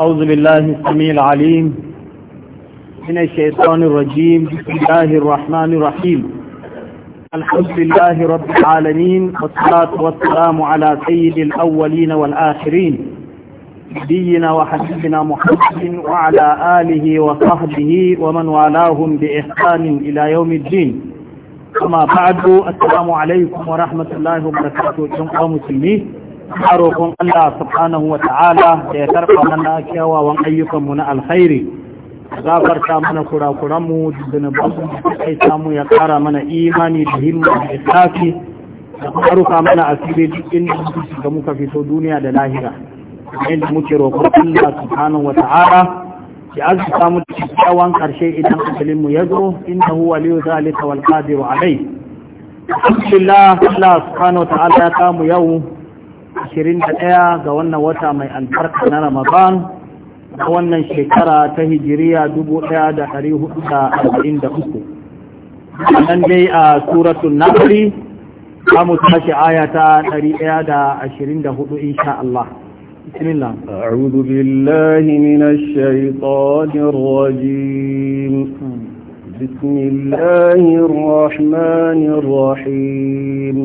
أعوذ بالله السميع العليم من الشيطان الرجيم بسم الله الرحمن الرحيم الحمد لله رب العالمين والصلاة والسلام على سيد الأولين والآخرين نبينا وحبيبنا محمد وعلى آله وصحبه ومن والاهم بإحسان إلى يوم الدين أما بعد السلام عليكم ورحمة الله وبركاته جمع مسلمين a roƙon Allah subhanahu wa ta'ala da ya karɓa mana kyawawan ayyukanmu na alkhairi gafarta mana kurakuranmu zunubanmu da kai samu ya ƙara mana imani da himma da isafi da haruka mana asiri duk inda muka muka fito duniya da lahira inda muke roƙon Allah subhanahu wa ta'ala ya azuta mu da kyawawan ƙarshe idan asalinmu ya zo inda innahu waliyu zalika wal qadiru alai alhamdulillah Allah subhanahu wa ta'ala ya kamu yau 21 ga wannan wata mai albarka na ramadan da wannan shekara ta hijiriya 1443 nan dai a suratun nahri za mu tashi aya 124 insha Allah بسم الله أعوذ بالله من الشيطان الرجيم بسم الله الرحمن الرحيم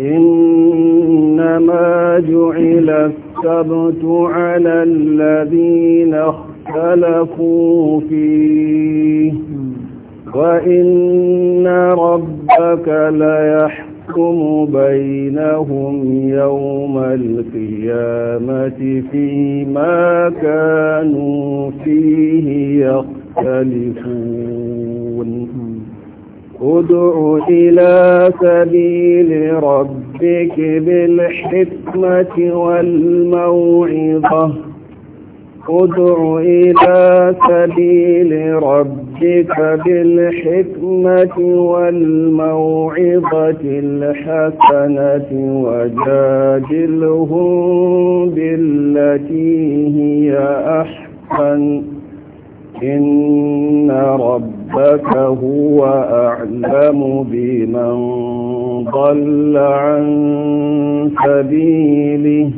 إنما جعل السبت على الذين اختلفوا فيه وإن ربك ليحكم بينهم يوم القيامة فيما كانوا فيه يختلفون ادع إلى سبيل ربك بالحكمة والموعظة ادع إلى سبيل ربك بالحكمة والموعظة الحسنة وجادلهم بالتي هي أحسن إن ربك ربك هو أعلم بمن ضل عن سبيله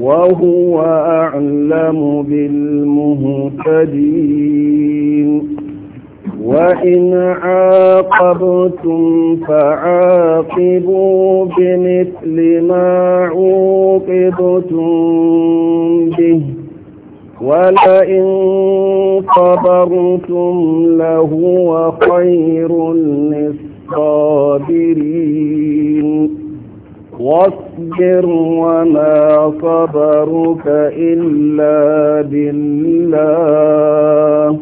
وهو أعلم بالمهتدين وإن عاقبتم فعاقبوا بمثل ما عوقبتم به ولئن صبرتم لهو خير للصابرين واصبر وما صبرك إلا بالله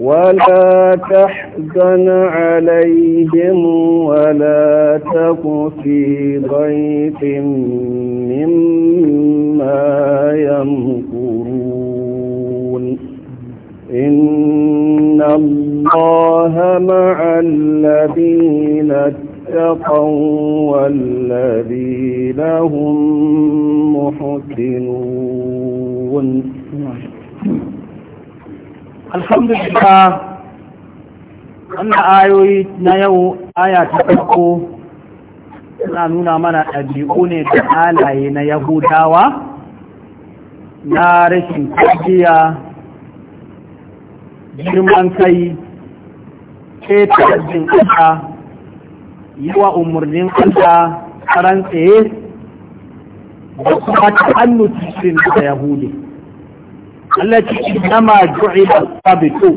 ولا تحزن عليهم ولا تك في ضيق مما يمكرون إن الله مع الذين اتقوا والذين هم محسنون الحمد لله أن آيوي نيو آية تقو suna nuna mana ɗabi'u ne da halaye na yahudawa na rashin kajiya girman kai keta rajin Allah yi wa umarnin Allah karan tsaye da kuma ta hannu cikin da Yahudi. Allah ce inama da sabito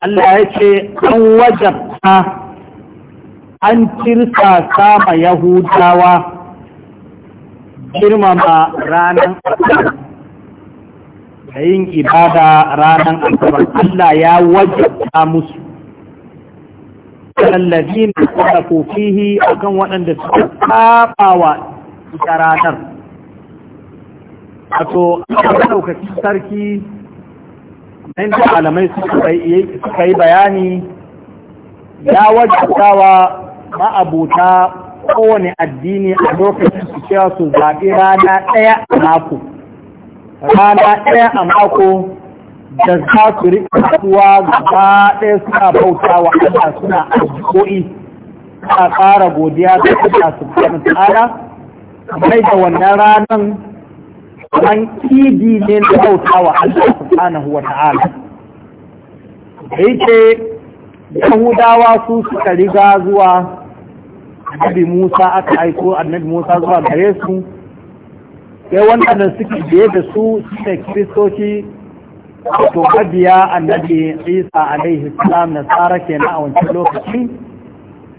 Allah ya ce an wajabta an cirsa sama Yahudawa girmama ranar da yin ibada ranar asabar Allah ya wajabta musu allazi na kwada kofihi a kan waɗanda suka kafawa ita ranar wato a sarki ɗin da alamai suka yi bayani ya wajabta wa ma'abuta kowane addini a lokacin su cewa su zaɓi rana ɗaya a mako rana ɗaya a mako da za su riƙa gaba ɗaya suna bauta wa Allah suna addu'o'i suna ƙara godiya ga Allah subhanahu ta'ala mai da wannan ranar an kidi ne na bauta wa Allah subhanahu wa ta'ala da Yahudawa su suka riga zuwa Annabi Musa aka aiko Annabi Musa zuwa gare su ya wannan suke biye da su suke kiristoci to mabiya annabi isa alaihi salam na tsara ke na a wancan lokaci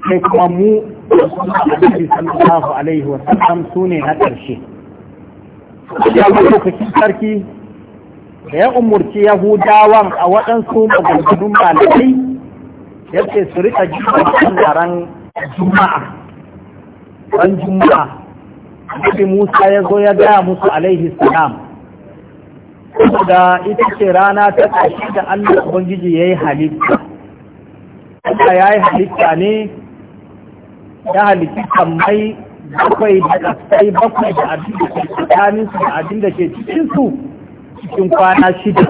sai kuma mu annabi sallallahu alaihi wa sallam su ne na ƙarshe ya lokacin sarki da ya umurci yahudawan a waɗansu maganganun malamai ya ce su rika jikin ran juma'a ran juma'a Nabi Musa ya zo ya gaya musu alaihi salam da ita ce rana ta ƙashi da Allah Ubangiji ya yi halitta. Allah ya yi halitta ne ya halitta kammai bakwai da ƙasai bakwai da abin da ke su da abin da ke cikinsu cikin kwana shida.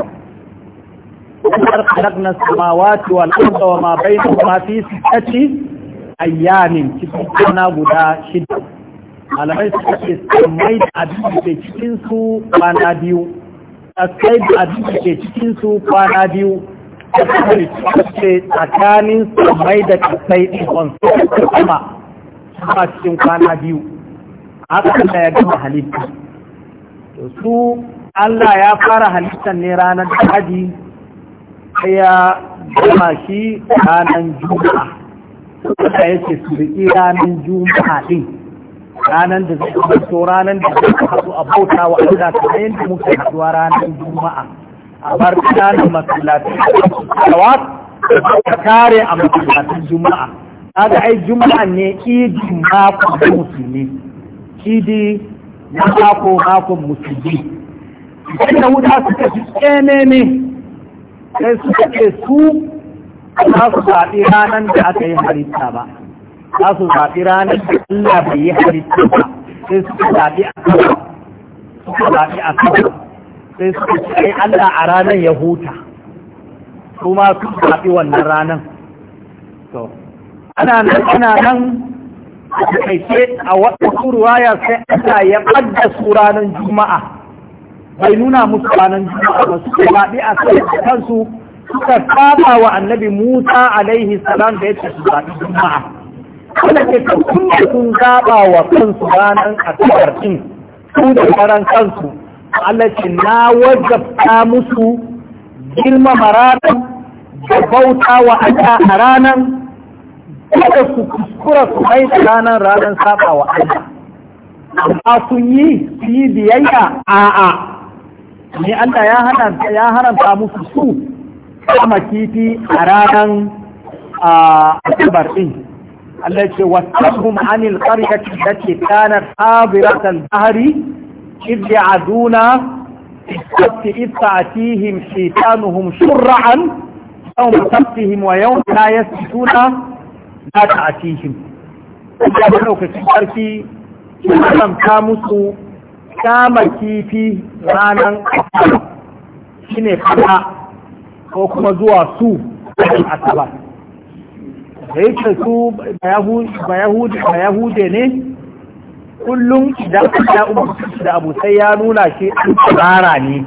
Kuma har kalakna samawati wal arda wa ma bainahuma fi sittati ayyamin cikin kwana guda shida. malamai suka ce tsammai da abin da ke cikin su kwana biyu sassai da abin da ke cikin su kwana biyu suka ce tsakanin tsammai da kasai ɗin wansu suka sama suna cikin kwana biyu haka Allah ya gama halitta su Allah ya fara halittar ne ranar daji sai ya gama shi ranar juma'a suka yake su riƙi ranar juma'a ɗin ranar da zai so ranar da zai fito a bauta wa Allah ta yin da muka haduwa ranar juma'a a bar kanan masallaci salawat ta kare a masallacin juma'a kaga ai juma'a ne idi mako da musulmi idi na mako makon musulmi idan da wuta suka fi tsenene sai suka ce su za su faɗi ranar da aka yi halitta ba za su zaɓi ranar da Allah bai yi halitta ba sai su zaɓi a kaba su zaɓi a kawo sai su ce Allah a ranar ya huta su ma su zaɓi wannan ranar to ana nan ana nan a takaice a waɗansu ya sai Allah ya ɓadda su ranar juma'a bai nuna musu ranar juma'a ba su zaɓi a kansu suka saba wa annabi Musa alaihi salam da ya ce su zaɓi juma'a ne ka kuma sun zaɓa wa kansu ranar asabar ɗin su da karan kansu Allah ce na wajabta musu girmama ranar da bauta wa aka a ranar kada su kuskura su mai da ranar ranar saba wa Allah amma sun yi su yi biyayya a'a ne Allah ya haramta musu su kama kifi a ranar asabar ɗin Allah ya ce wasahum anil qaryati allati kanat habiratal bahri id ya'duna fi ta'tihim shaytanuhum shur'an yawm sabtihim wa yawm la yasbituna la ta'tihim Allah ya dauka sarki ta musu kama kifi ranan shine fada ko kuma zuwa su a asabar da yake su ba yahude ne kullum idan ya umarci da abu sai ya nuna shi an tsara ne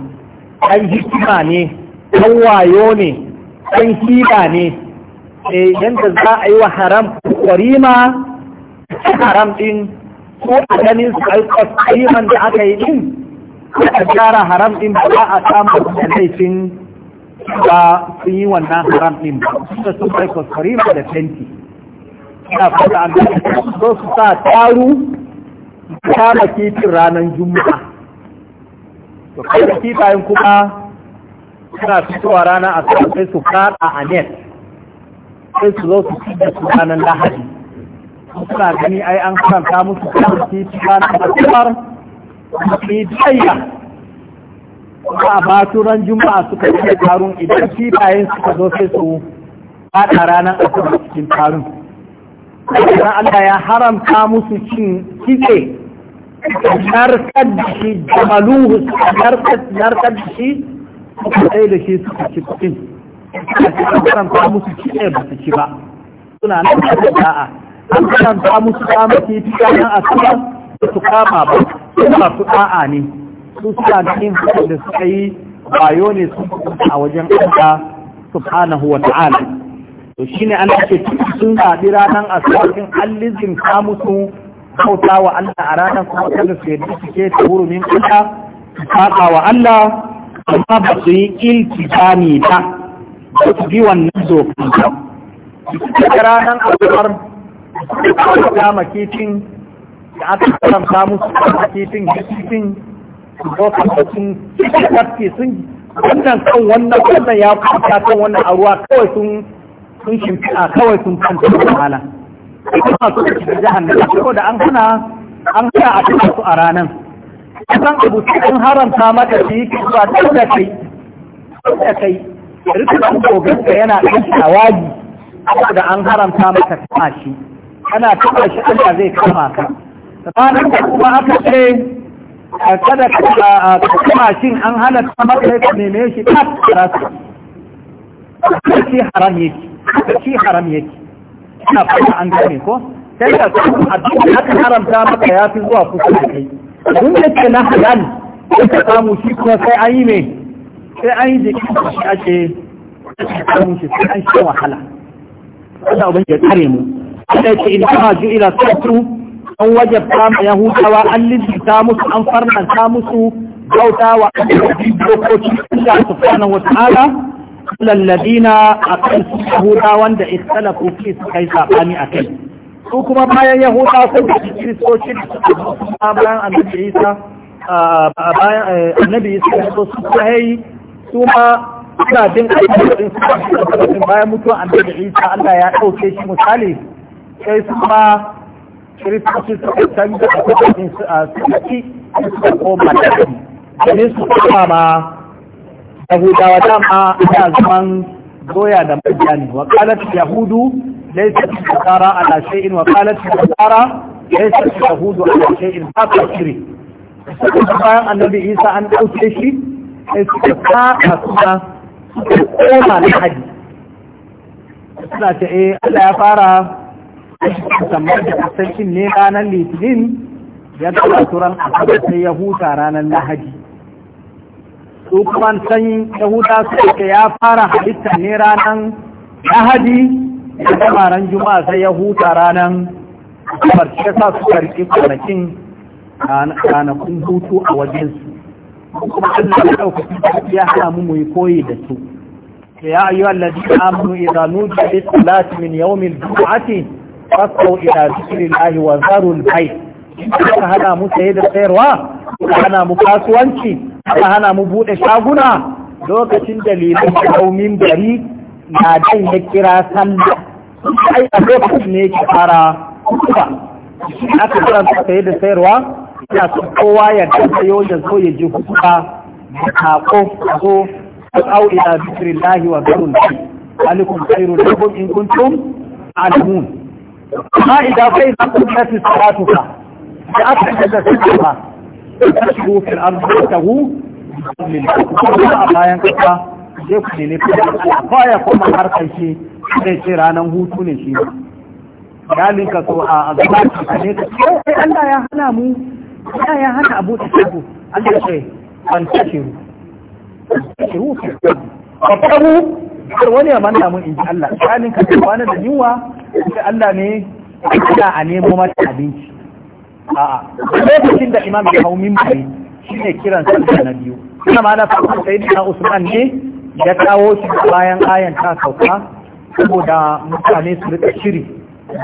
an hikima ne an wayo ne an hila ne eh, Yanda za a yi wa haram kwarima haram din ko a ganin su aikwas kariman da aka yi din a gyara haram din ba a samun da laifin ba sun yi wannan haram ɗin ba da sun kai kwaskwari da fenti ina fata an so su sa taru kama kifin ranar juma'a to kai da kifayen kuma suna fitowa rana a sai su fara a net sai su zo su ci da su ranar lahadi suna gani ai an karanta musu kama kifin ranar asabar su yi jayya ba ba turan ran juma'a suka yi tarun idan kifayen suka zo sai su fada ranar asabar cikin tarun idan Allah ya haramta musu cin kitse narkar da shi jamaluhu narkar da shi suka tsaye da shi suka ci kuɗin haramta musu kitse ba su ci ba suna nan da da'a an haramta musu kama kifi ranar asabar da su kama ba suna su da'a ne da yin ganin da suka yi bayo ne a wajen Allah subhanahu wa ta'ala to shine an ce sun zaɓi ranar asibitin allizin ta musu bauta wa Allah a ranar kuma kada su yadda suke ta hurumin ƙasa su saƙa wa Allah amma ba su yi iltijami ta, ba su bi wannan dokan ba suke ranar asibar da kama kifin da aka karanta musu kama kifin ko sun tafke sun wannan kan wannan wannan ya kwanta kan wannan a ruwa kawai sun sun shimfiɗa kawai sun kanta da hala kuma su ka shiga jahannama saboda an hana an hana a cikin su a ranan san abu an haramta maka shi yake zuwa duk da kai duk da kai rikin gogarka yana ɗan shawagi saboda an haramta maka kama shi kana taɓa shi Allah zai kama ka ranar da kuma aka ce kada ka kuma shin an ta maka ka neme shi ta rasa shi haram yake shi haram yake ina fara an gane ko sai ka san abin aka haramta maka ya fi zuwa kusa da kai duk da ke na halal sai ka samu shi kuma sai an yi mai sai an yi jikin shi ake samu shi sai an shi wahala Allah ubangiji ya kare mu sai ce in ma ju'ila ila an wajabta ma yahudawa an lissita musu an farnanta musu bauta wa dokoki Allah subhanahu wata'ala lalladina akan su yahudawan da ikhtalafu fi su kai sabani kai. su kuma bayan yahudawa sun da kristoci da suka bayan annabi Isa bayan eh, annabi Isa ya so su kai su ma suna jin aikin su bayan mutuwa annabi Isa Allah ya dauke shi misali sai su ma kiristoci suka canza a kudaden su a suki suka koma da shi domin su koma ma yahudawa dama ana zaman doya da majiya ne wa kalat yahudu laysa tsara ala shay'in wa kalat tsara laysa yahudu ala shay'in haka shiri suka bayan annabi isa an dauke shi sai suka kaka suna suka koma na haji suna ce eh Allah ya fara kamar da kasashen ne ranar litinin ya dawo turan asabar sai ya huta ranar lahadi su kuma san yahuda suke ya fara halitta ne ranar lahadi da ran juma'a sai ya huta ranar kamar shi sa su karki kwanakin ranakun hutu a wajensu kuma allah ya ɗaukaki ya hana mu mu koyi da su يا أيها الذين آمنوا إذا نودي للصلاة من يوم الجمعة fasau ila zikrillahi wa zarul bay aka hana mu saye da sayarwa aka hana mu kasuwanci aka hana mu bude shaguna lokacin dalilin kaumin bari na dan ya kira sallah ai a lokacin ne ki fara aka karanta saye da sayarwa ya su kowa ya gantayo ya zo ya ji kuka da kako zo an au ila zikrillahi wa zarul bay alikum khairu lakum in kuntum amma idan kai na da aka yi da su ba ta shigo fil ta hu kuma a bayan kasa zai ku nemi kuma shi sai ce ranar hutu ne shi a ne eh, Allah ya hana mu Allah ya hana abu Allah ya wani ya manta mun in ji Allah galin ka ce wani da yiwa sai Allah ne ina a nemo mata abinci a lokacin da imam ya hau mimbari ne kiran sallah na biyu ina ma na farko sai na Usman ne ya kawo shi bayan ayan ta sauka saboda mutane su rika shiri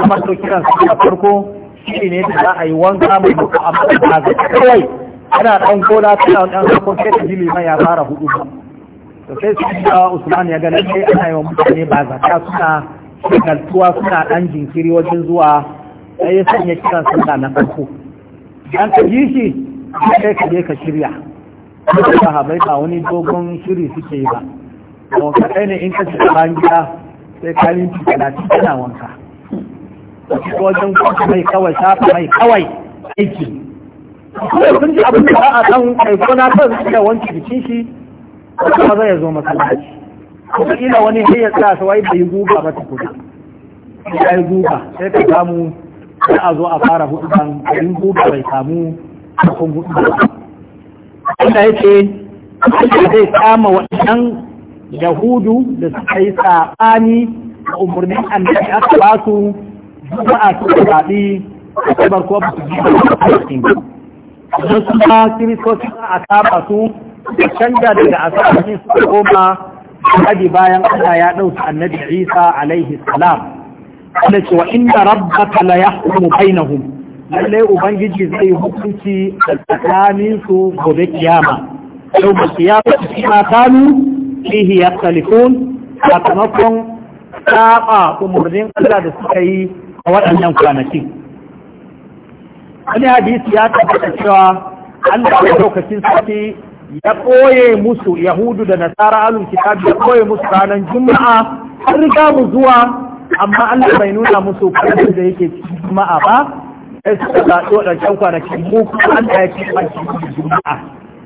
kuma to kiran sallah farko shi ne da za a yi wanka mai mutu a ta zai kawai ana ɗan gona tana ɗan sakon sai ta ji mai ya fara hudu ba to sai su da Usman ya ga sai ana yi wa mutane ba zaka suna galtuwa suna ɗan jinkiri wajen zuwa sai ya sanya kiran sanda na farko dan ka ji shi sai ka je ka shirya ba bai ba wani dogon shiri suke yi ba to ka kai ne in ka ci bayan gida sai ka yi minti talatin kana wanka wajen kwanci mai kawai shafa mai kawai aiki kuma sun ji abin da ba a san kai ko na kan da wanke jikin shi kuma zai zo masallaci kuma ina wani hanyar sa su wai bai guba ba tukuna ya yi guba sai ka samu sai a zo a fara hudu ban yin guba bai samu kakon hudu ba wanda ya ce zai kama waɗannan yahudu da suka yi saɓani da umarnin annabi aka ba su juma'a suka zaɓi a kabar ko ba su ji ba a cikin ba don su ma kiristoci a kama su da canja daga asali suka koma hadi bayan Allah ya ɗauki annabi Isa alaihi salam da cewa inna rabbaka la yahkumu bainahum lalle ubangiji zai hukunci tsakanin su gobe kiyama yau ba kiyama kima kanu fihi yaktalifun sakamakon saba umurnin Allah da suka yi a waɗannan kwanaki wani hadisi ya tabbata cewa Allah ya lokacin sarki ya ɓoye musu yahudu da nasara alul kitab ya ɓoye musu ranar juma'a an riga mu zuwa amma allah bai nuna musu karfin da yake cikin juma'a ba sai suka zaɓi waɗancan kwanaki mu kuma an da yake cikin juma'a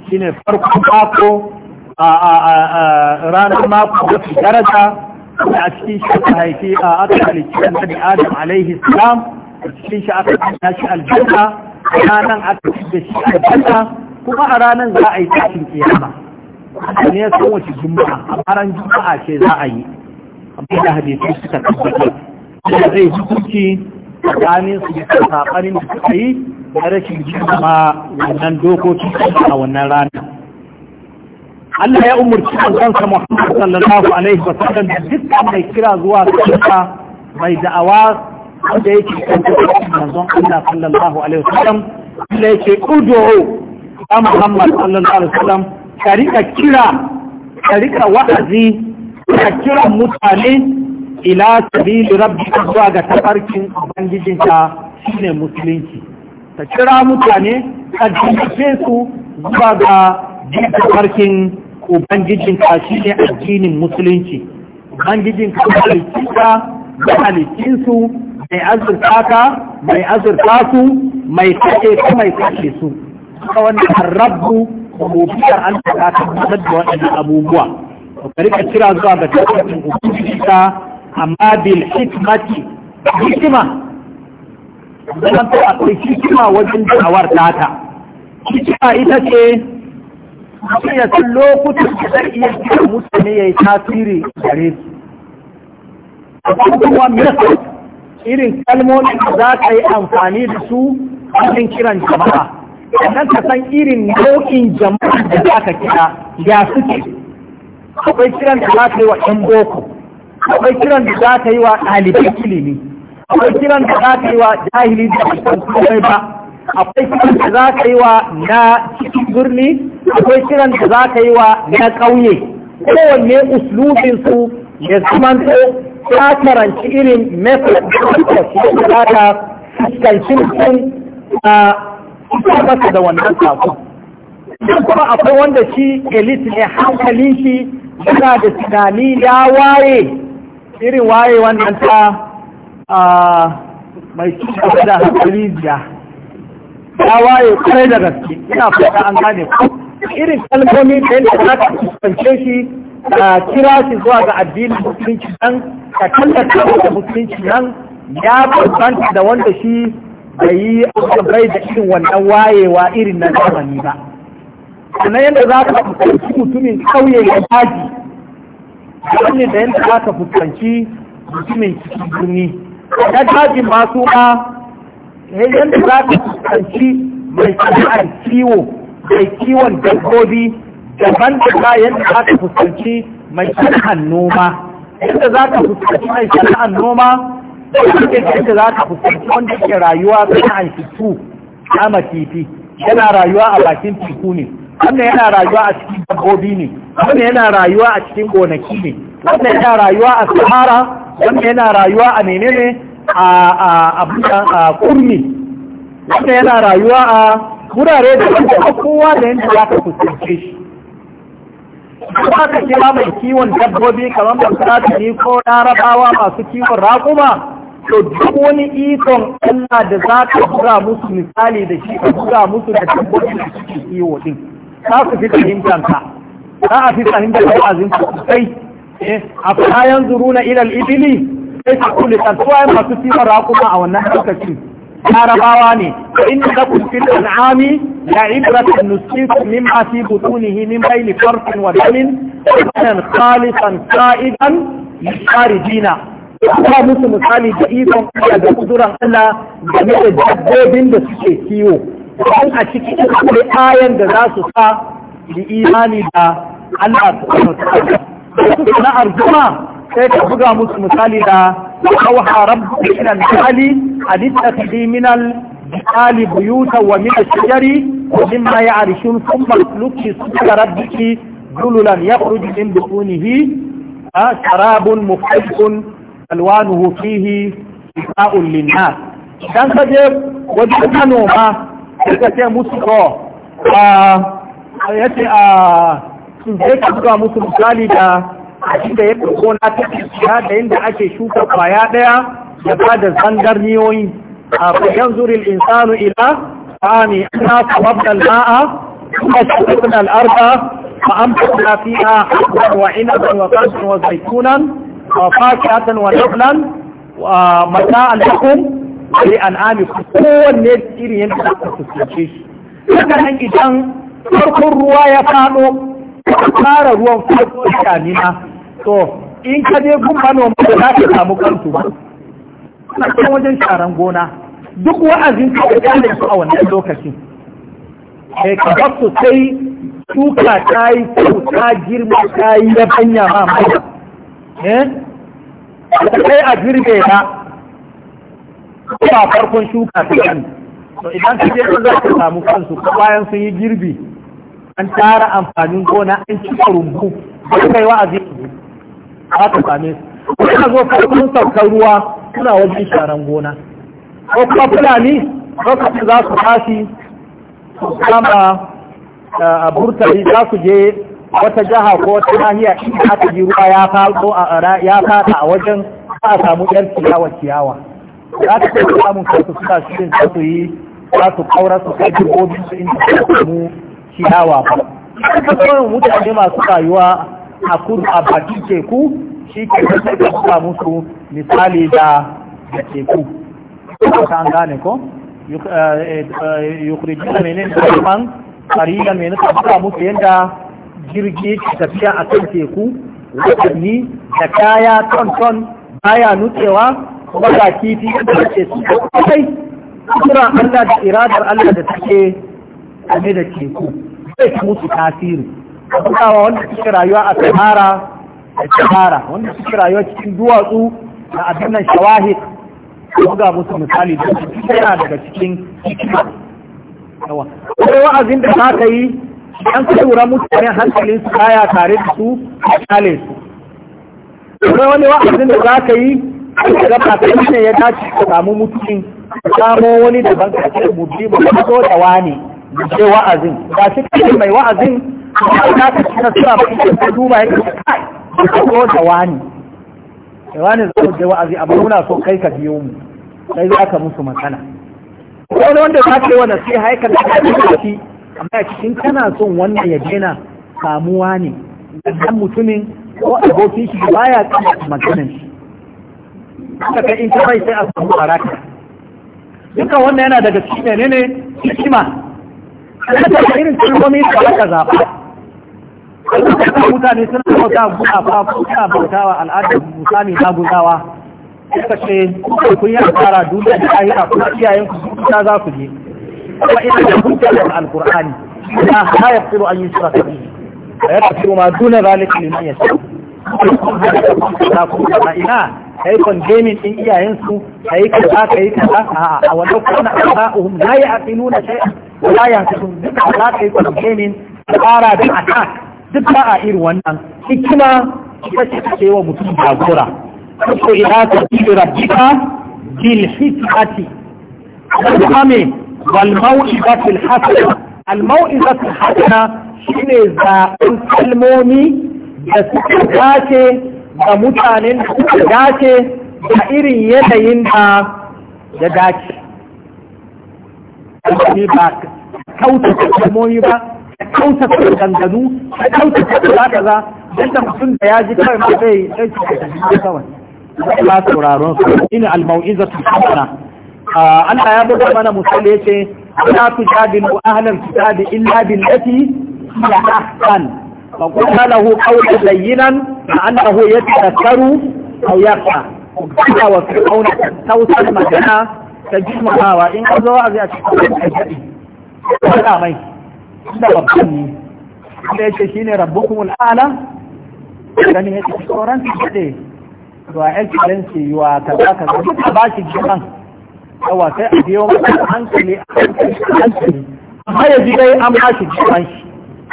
shine farko mako a ranar mako mafi daraja a cikin shi aka haifi a aka halitta annabi adam alaihi salam a cikin shi aka tashi shi a ranar aka fi aljanna kuma a ranar za a yi tashin kiyama ne ya san wace juma'a a ran juma'a ce za a yi amma da hadisi suka tabbata da zai hukunci tsakanin su da sabanin da suka yi da rashin juma'a wannan dokoki a wannan rana Allah ya umurci an kansa Muhammad sallallahu alaihi wa sallam da duk mai kira zuwa kansa mai da'awa wanda yake kan manzon Allah sallallahu alaihi wa sallam Allah yake ud'u ta Muhammad sallallahu alaihi wasallam tarika kira tarika wa'azi ta kira mutane ila sabil rabbi zuwa ga tafarkin ka shine musulunci ka kira mutane ka dinke su zuwa ga tafarkin ubangijinka shine addinin musulunci shi ne da su mai azurta ka mai azurta su mai kake ka mai kake su ta wannan rabbu rububiyar an ta tabbatar da waɗanda abubuwa ka rika kira zuwa ga tabbatin ubangijinka amma bil hikmati hikima zan ta akwai hikima wajen da'awar data hikima ita ce mutum ya san lokutan da zai iya jiya mutane ya yi tasiri gare su akwai kuma mirasa irin kalmomin za ka yi amfani da su wajen kiran jama'a sannan ka san irin nau'in jama'a da za ka kira ya suke akwai kiran da za ka yi wa ɗan boko akwai kiran da za ka yi wa ɗalibai ilimi akwai kiran da za ka yi wa jahili da ba komai ba akwai kiran da za ka yi wa na cikin birni akwai kiran da za ka yi wa na ƙauye kowanne uslubin su ya zamanto ya karanci irin method da za ka fuskanci mutum Ka masa da wannan kafin duk kuma akwai wanda shi elite ne hankalin shi yana da tunani ya waye irin waye wannan ta mai cikin da hankali biya ya waye kare da gaske ina fata an gane ku irin kalmomi da yadda za ka kusance shi a kira shi zuwa ga addinin musulunci nan ka tallata da musulunci nan ya kusanta da wanda shi bai yi abin bai da irin wannan wayewa irin na zamani ba sannan yadda za ka fuskanci mutumin ƙauye ya daji wani da yadda za ka fuskanci mutumin cikin birni ya dajin masu ba, eh, yadda za ka fuskanci mai sana'ar kiwo mai kiwon dabbobi daban da ba yadda za ka fuskanci mai sana'ar noma yadda za ka fuskanci mai sana'ar noma da za ka fuskanci wanda ke rayuwa kan hankitu kama titi yana rayuwa a bakin teku ne wannan yana rayuwa a cikin dabbobi ne wannan yana rayuwa a cikin gonaki ne wannan yana rayuwa a sahara wannan yana rayuwa a menene a a kurmi wannan yana rayuwa a wurare da kuma kowa da yanda za ka fuskance shi kuma ka kira mai kiwon dabbobi kamar masu ne ko larabawa masu kiwon raƙuma to duk wani ikon Allah da za ka buga musu misali da shi a buga musu da tabbacin da suke iyo din za su fi fahimtar ka za a fi fahimtar eh, da azin su sosai a kayan zuru na ilal ibili sai ka kuli ta tuwa masu sifar rakuma a wannan lokacin yarabawa ne in da ku fi an'ami ya ibratan nusifu mimma fi butunihi min bayni farfin wa damin khalisan sa'idan lisharijina ba musu misali da ikon Allah da kuduran Allah game da dabbobin da suke kiwo don a cikin akwai ayan da za su sa da imani da Allah subhanahu wa na arzuma sai ka buga musu misali da kawha rabbuka min al-jibali alittakhidhi min al-jibali buyuta wa min ash-shajari wa mimma ya'rishun thumma luqi sura rabbiki dululan yakhruju min butunihi شراب مختلف alwanuhu fihi sa'ul linnas dan ka je wajen manoma ka ce musu ko a yace a sun je ka buga musu misali da inda ya ko na ta da inda ake shuka kwaya daya ya ba da zangarniyoyi a bayan zuril insanu ila sa'ani ana sababta ma'a kuma sababta al'arba Ina فيها حبا وعنبا وقلبا وزيتونا faki'atan wa naflan a mata'an lakum sai an'amikum kowanne irin yadda aka fuskace shi suka nan idan farkon ruwa ya fado fara ruwan farko damina to in ka je kun manoma ba za ka samu kantu ba na kan wajen sharan gona duk wa'azin ka da gane su a wannan lokacin mai ka ba sai shuka ta yi ta girma ta yi yabanya ma mai sai eh? a girbe ta ba farkon shuka ta kan to idan ka je za ka samu kansu ko bayan sun yi girbi an tara amfanin gona an cika rumbu ba kai wa'azi ba ka same su kuma zo farkon saukar ruwa suna wajen sharan gona ko kuma fulani lokacin za su tashi su kama eh, a burtari za su je wata jiha ko wata nahiya inda aka ji ruwa ya faɗo ya faɗa a wajen ba a samu yar ciyawa ciyawa za ta kai samun kasu suna shirin za su yi za su kaura su kai dabbobin su inda za samu ciyawa ba ita kawai mutane masu rayuwa a kudu a bakin teku shi ke sai ka buga musu misali da da teku ta an gane ko eh, eh, eh, yukhrijuna menene da man qarilan menene ka buga musu yanda jirgi tafiya a kan teku wadanni da kaya ton-ton baya nutsewa kuma ga kifi da ke su kai kusura Allah da iradar Allah da take game da teku zai ta musu tasiri abubuwa wanda suke rayuwa a sahara da sahara wanda suke rayuwa cikin duwatsu da abinnan shawahid buga musu misali da su yana daga cikin hikima yawa wa'azin da za ka yi an ka lura mutane hankalin su baya tare da su a kyale su kuma wani wa'azin da za ka yi ka ga ba yi ne ya dace ka samu mutumin samo wani daban ka ce mu ba ka so da wani mu ce wa'azin ba shi kai mai wa'azin ka ka ci nasara ba ka duba ya ce kai ka so da wani da wani za mu je wa'azi amma muna so kai ka biyo mu sai za ka musu matsala ko wanda za ka yi wa nasiha ya ka ga amma cikin kana son wannan ya daina kamuwa ne dan mutumin ko abokin shi baya kan maganan shi haka kai in ka bai sai a samu baraka duka wannan yana daga cikin ne ne hikima kana da irin kalmomi da aka zaba mutane suna bauta buɗa fa suna bauta bautawa, al'adar musami na gudawa suka ce kun yi asara duniya da ahira kuma iyayen ku ta za ku je kuma ina da hujjar alqur'ani la la yaqilu an yushraka bihi wa yaqilu ma duna zalika liman yasha ta kuma ina kai condemning din iyayen su kai kaza kai kaza a a wannan kuma aba'uhum la yaqiluna shay'an wa la yahtadun duk za ka yi condemning tsara da attack duk ba a irin wannan hikima ita ce ta wa mutum jagora da wal mau'izatul hasana shine zaɓen kalmomi da suka dace da mutanen da da irin yanayin da ya dace kalmomi ba kautata kalmomi ba kautata danganu kautata kaza kaza yadda mutum da ya ji kawai ma zai ɗauki da kawai ba sauraron su ina al-mau'izatu hasana Allah ya buga mana misali yace la tujadilu ahlal kitabi illa billati hiya ahsan fa qul lahu qawlan layyinan annahu yatadhakkaru aw yaqa kuma wa fir'auna tawsal magana ta jismawa in an zo a zai a cikin ka mai da babban ne da yake shine rabbukum al'ala dan ne sauran su dade to wa excellency wa kaza kaza ba shi gidan yawa sai a biyo masa hankali a hankali amma ya ji dai an bashi jikan shi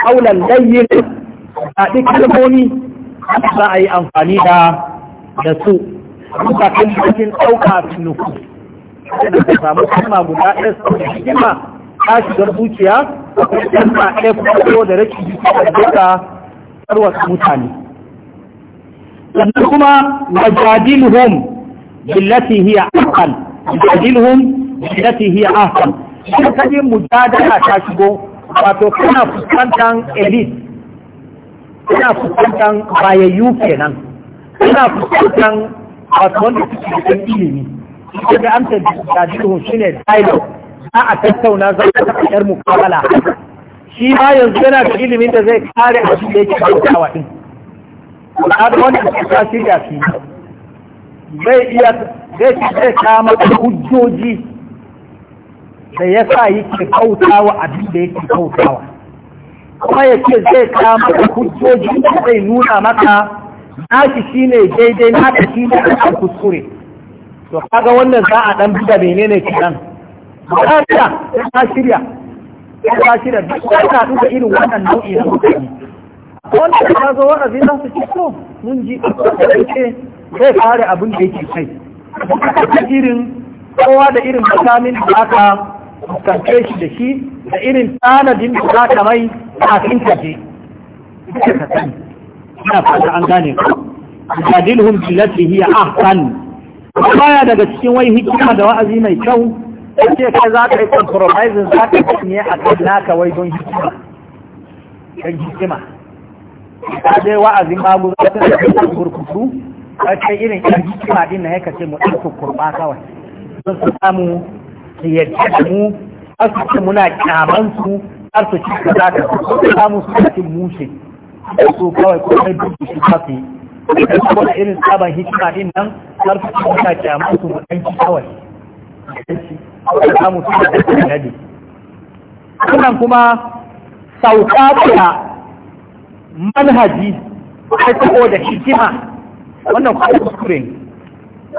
kaulan layyin daɗi kalmomi za a yi amfani da da su duka kan cikin ɗauka tunuku da samu kalma guda ɗaya su da hikima ta shiga zuciya akwai kalma ɗaya kuma da rashin jiki da duka tarwata mutane sannan kuma wajadiluhum billati hiya aqal yujadilhum billati hiya ahsan idan ka ji mujadala ta shigo wato kana fuskantar elite kana fuskantar bayayyu kenan kana fuskantar wato wanda suke cikin ilimi ita ka amsa yujadilhum shine dialogue za a tattauna za a taɓa mukabala shi ma yanzu yana da ilimin da zai kare a cikin yake kawo din al'adu wanda ta shirya shi zai iya zai ta hujjoji da ya sa yake kautawa abin da yake kautawa kuma ya ce zai ta hujjoji da zai nuna maka nashi shi ne daidai na shi ne a kuskure to kaga wannan za a ɗan bida menene kenan ba ta shirya ta shirya duk wata duka irin wannan nau'i na mutane wanda ta zo wa'azi za su ci so mun ji a ce zai fara abin da yake kai da irin kowa da irin makamin da aka fuskance shi da shi da irin tanadin da za ka mai kafin ka je ina fata an gane ku jadilhum billati hiya ahsan baya daga cikin wai hikima da wa'azi mai kyau ce kai za ka yi compromise za ka yi a kan naka wai don hikima don hikima ta dai wa'azin babu za ta yi kurkuku kai irin ƙarfi hikima din na yaka ce mu su kurɓa kawai sun su samu su yarda da mu har su ce muna kyaman su har su ci ka zaka su samu su ci mushe su kawai ko sai duk su ka fi saboda irin sabon hikima din nan har su ce muna kyaman su mu ɗanki kawai su samu su da ɗanki sannan kuma sauka manhaji ta da hikima wannan kuma kuskure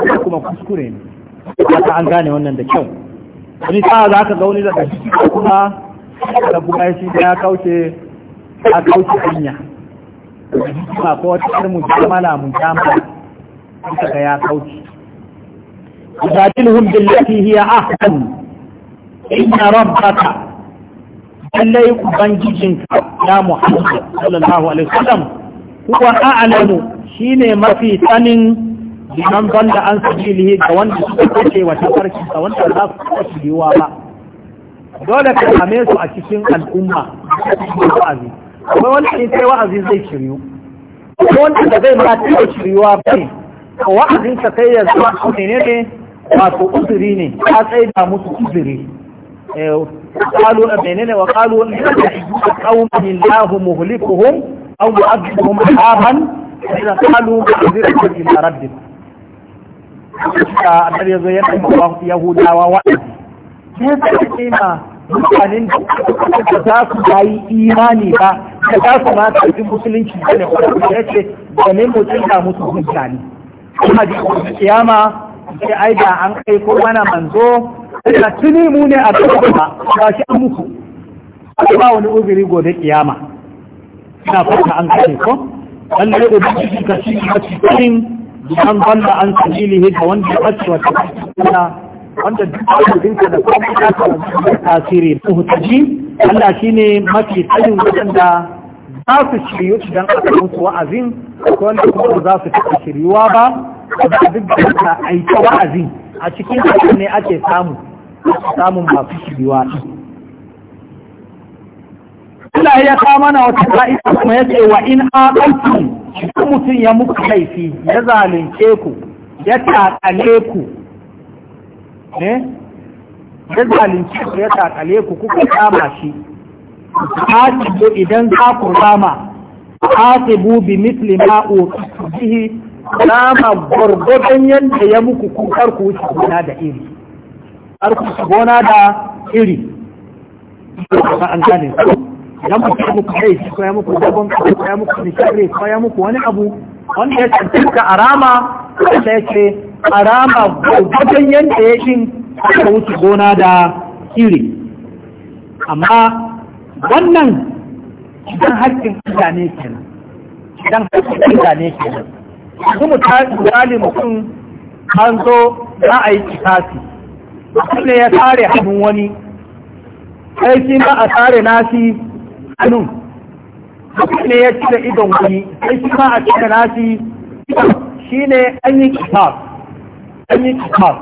ne kuma kuskure ne ta an gane wannan da kyau wani sa za ka zaune da ɗashi kuma da kuma shi da ya kauce a kauce hanya ma ko wata ƙar mun kamala mun kamala bisa ga ya kauce Jadilhum billati hiya ahsan inna rabbaka lallai ubangijinka ya Muhammad sallallahu alaihi wasallam هو a'lamu Shi ne mafi tsanin liman banda an sabilihi ga wanda suka kace wata farki ga wanda za su kace yiwa ba dole ka same su a cikin al'umma wa'azi akwai wanda ne sai wa'azi zai shiryu akwai wanda da zai ma ta shiryuwa bai ka wa'azin ka sai ya zuwa su ne ne wato uzuri ne ka sai da musu uzuri قالوا أبنين وقالوا أن يجب قوم الله مهلكهم أو يعذبهم عذابا إذا قالوا بذرة إلى ربكم annabi yana ya tabbata yahudawa wa'azi sai ka ce ma mutanen da za su bayi imani ba da za su ma karbi musulunci da ne wanda ya ce domin mutum da musu hujja ne kuma da kiyama sai ai da an kai ko mana manzo da tuni mu ne a gaba ba shi an muku ba wani uzuri gobe kiyama ina fata an kai ko lalle ubangiji ka shi mafi karin an balla an sabili da wanda ya ɓace wata kuma wanda duk da ka da kuma ya ta ta tasiri sun hutaji Allah ne mafi karin waɗanda za su shiryu idan aka mutu wa'azin ko wanda kuma za su taɓa shiryuwa ba da duk da ka aika wa'azin a cikin ne ake samu samun masu shiryuwa ɗin Allah ya kawo mana wata ra'isa kuma ya ce wa in aqaltum idan mutum ya muku laifi ya zalunce ku ya takale ku ne ya zalunce ku ya takale ku kuka kama shi hasibu idan za ku rama hasibu bi misli ma uqitu bihi yadda ya muku kukar ku wuce gona da iri kar ku gona da iri ya muku muku kai ko ya muku dabon ko ya muku nishari ko ya muku wani abu wanda ya tantance arama da ya ce arama gudun yadda ya shi aka wuce gona da iri amma wannan idan haƙƙin Allah ne kenan idan haƙƙin Allah ne kenan mu ta gali mutum an zo za a yi kitasi ne ya tare hannun wani sai shi ma a tare nasi anun mutum ne ya cire idon wani sai shi ma a cire nasi shi ne an yi kitab an yi kitab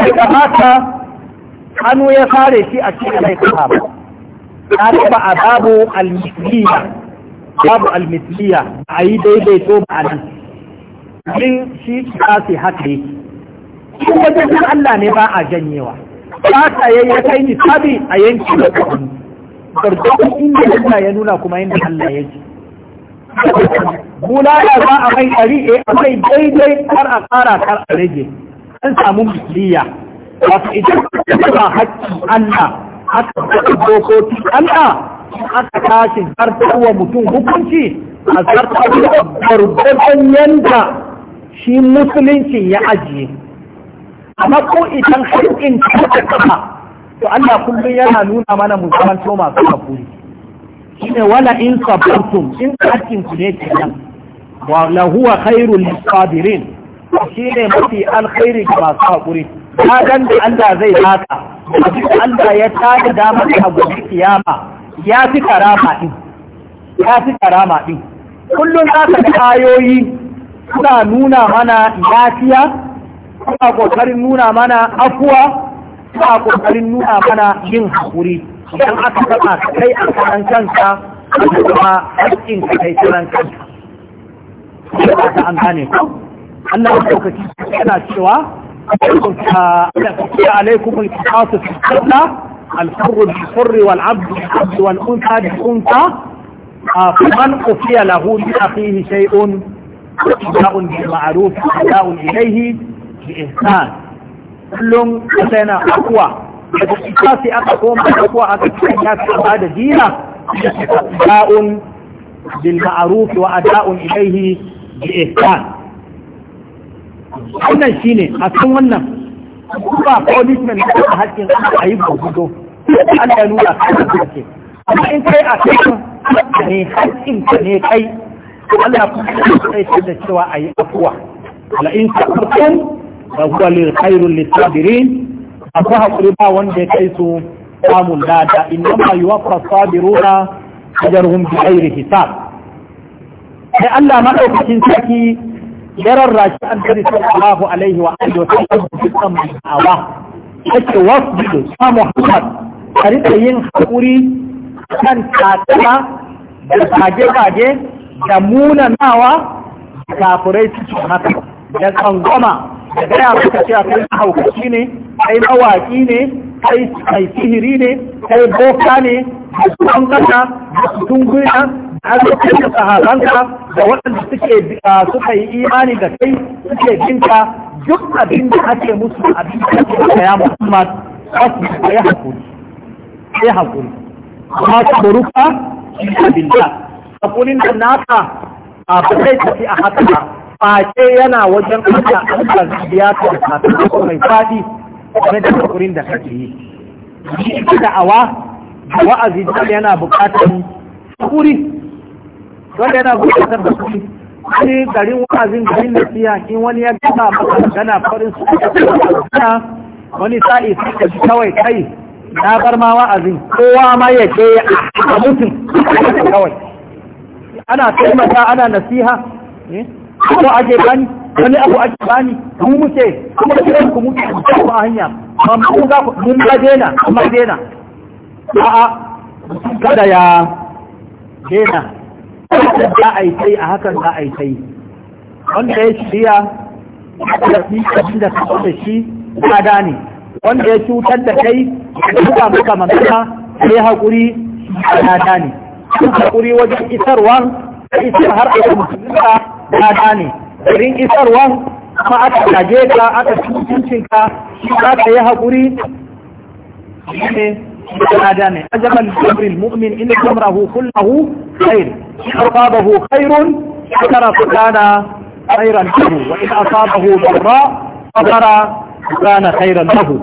bai kamata hannu ya fare shi a cire mai kitab ta taba a babu almisliya babu almisliya a yi daidai to ba a nan din shi kasi haka yake shi wajen Allah ne ba a janyewa ba ta yayyaka yi nisabi a yankin da kwanu gargaɗin inda Allah ya nuna kuma yadda Allah ya ji bulala za a kai ɗari eh, a kai daidai kar a ƙara kar a rage an samu misliya wato idan ba haƙƙin Allah aka saka dokoki Allah aka tashi zartarwa mutum hukunci a zartarwa gargaɗin yadda shi musulunci ya ajiye amma ko idan haƙƙin ta to Allah kullum yana nuna mana musamman to masu hakuri shine wala in sabartum in hakkin ku ne kenan wa khairul lisabirin shine mafi alkhairi ga masu hakuri kadan da Allah zai baka abin Allah ya tada da maka a gobe kiyama ya fi karama din ya fi karama din kullum za ka ga ayoyi suna nuna mana yafiya suna ƙoƙarin nuna mana afuwa ba kokarin nuna mana yin hakuri idan aka taba kai a karan kanka da kuma hakkin ka kai karan kanka ba ta an gane Allah ya dauki yana cewa عليكم القصاص في القتلى الحر بالحر والعبد بالعبد والانثى بالانثى فمن اوفي له من شيء جزاء بالمعروف جزاء اليه باحسان kullum kasa yana akuwa daga kasi aka koma akuwa aka cikin ta fi da dina da'un bil ma'ruf wa ada'un ilayhi bi ihsan wannan shine a cikin wannan ba punishment da aka hakkin a yi gudu Allah ya nuna ka ce amma in kai a cikin ne hakkin ka ne kai Allah ya kuma sai da cewa a yi la in sabartum da huwa lil khairul lisabirin akwai hakuri ba wanda ya kai su samun lada inna ma yuwaffa sabiruna ajrhum bi ghairi hisab sai Allah maɗaukacin saki ya rarrashi annabi sallallahu alaihi wa alihi wa sallam bisan ma'awa yake wasbir sa Muhammad ka rika yin hakuri kan tatara da zage-zage da munanawa kafirai ce haka da tsangwama da gaya maka cewa kai haukaci ne kai mawaki ne kai sihiri ne kai boka ne da sun kasa da sun gwina da arzikin da sahabanka da waɗanda suke suka yi imani da kai suke binka duk abin da ake musu abin da ake da ya muhammad wasu da ya haƙuri ya haƙuri kuma ka rufa shi abin bilta haƙurin da naka a ba zai tafi a haka ba face yana wajen kusa Allah zai biya ka sakamako mai fadi wani da hakurin da kake yi da awa wa'azi yana buƙatar hakuri wanda yana da hakuri wani garin wa'azin garin da siya in wani ya gaba maka magana farin su da wani sa'i su ka ji kawai kai na bar ma wa'azin kowa ma ya je a mutum kawai ana taimaka ana nasiha eh? ko aje bani wani abu aje bani mu muke kuma kiran ku muke ku a hanya amma ku ga mun ga dena amma dena a'a kada ya dena za a yi sai a hakan za a yi sai wanda ya shiya da shi abin da ka da shi da dani wanda ya cutar da kai da buga maka magana sai haƙuri tsada dani sun haƙuri wajen isarwan da isar har yi musulunta da ne irin isarwan kuma aka tage ka aka cikin ka za ka yi haƙuri ne da ne ajamal jamril mu'min inda jamrahu hu khair asabahu khairun su kana khairan tahu wa in asabahu darra su kana khairan tahu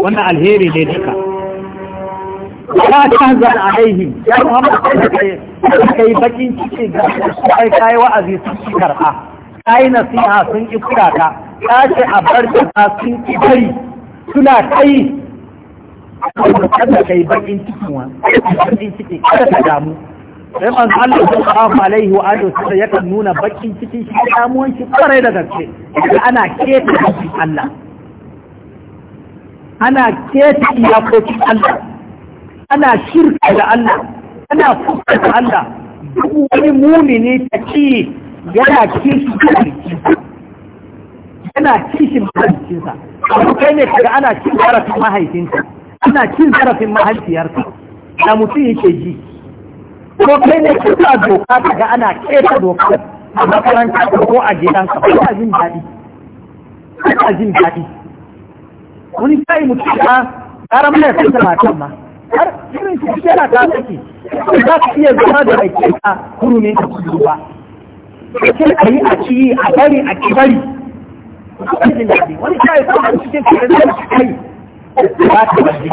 wannan alheri ne duka ya ta zan alaihim ya kuma kai bakin ciki ga kai kai wa'azi sun ci karɓa kai nasiha sun ki kuka ka ce a bar ta sun ki bari suna kai kada kai bakin ciki wa bakin ciki kada ka damu sai man Allah sallallahu alaihi wa alihi wasallam yakan nuna bakin ciki shi damuwan shi kwarai da gaske ana keta Allah ana keta iyakokin Allah ana shirka da Allah ana fuska da Allah duk wani mumini ta ce yana kishi mahalicinsa yana kishin mahalicinsa abu kai ne kaga ana cin zarafin mahaifinka ana cin zarafin mahaifiyarsa da mutum yake ji ko kai ne kuka doka kaga ana keta dokar a makaranta ko a gidanka ko a jin daɗi ko a jin daɗi wani kai mutum ka ƙarar da ta matan ma har irin shi shi yana ta saki za iya zama da rake ka kurumin ka kudu ba sai a yi a ci a bari a ki wani shayi kuma a cikin kare da kai ba ta bari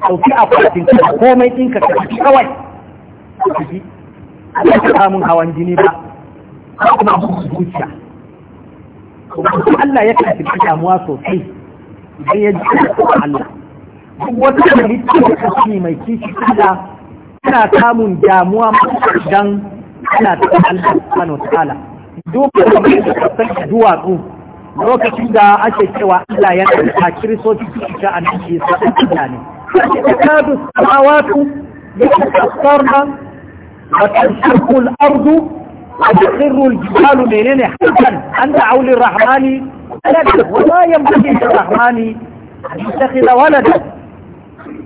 Sauki ɗauki akwatin kuma komai ɗinka ta ci kawai a ba ta samun hawan jini ba kuma zuciya Allah ya kasance damuwa sosai idan ya ji Allah duk wata halitta da ta mai kishi Allah tana samun damuwa dan tana ta Allah subhanahu wataala duk da ka san duwatsu lokacin da ake cewa Allah yana da kirisoci cikin sha'anin shi sai Allah ne takadu samawatu yatasarna wa tanshaqu al-ardu وتخر الجبال منين حقا عند عول الرحمن ولا ينبغي للرحمن أن يتخذ ولدا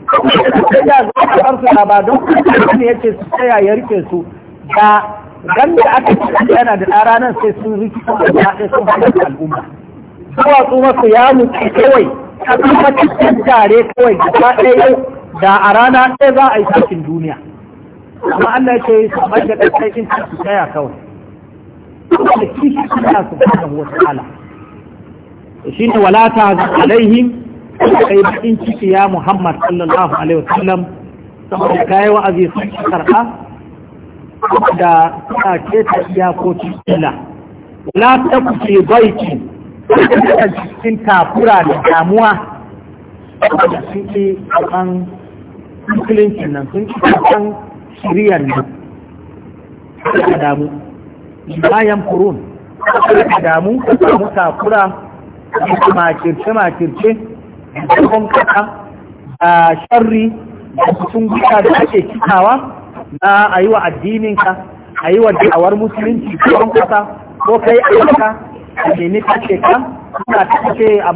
da zuwa su ba don ne ya ce ya rike su da dan da aka ci yana da ɗara nan sai sun rike su da ɗaɗe sun haɗa al'umma zuwa masu ya mutu kawai ta kuma cikin tare kawai da ta ɗaya da a rana ɗaya za a yi sakin duniya amma Allah ya ce su mai da ɗaɗe in su tsaya kawai da kishi suna su fara wata ala shi ne wala ta alaihim kai bakin ciki ya Muhammad sallallahu alaihi wasallam saboda kai wa'azi sun karɓa da ta ke ta ci illa la ta ci baiti da cikin tafura da damuwa da sun ki karɓan musulincin nan sun ci kan shiriyar ne da damu bayan kurun da damu ta samu tafura da makirce makirce Ɗan zafin kasa da sharri da sun guda da ake kitawa na a yi wa addininka a yi wa da'awar musulunci cikin kasa ko kai ayyuka a nemi kace ka suna ta kace a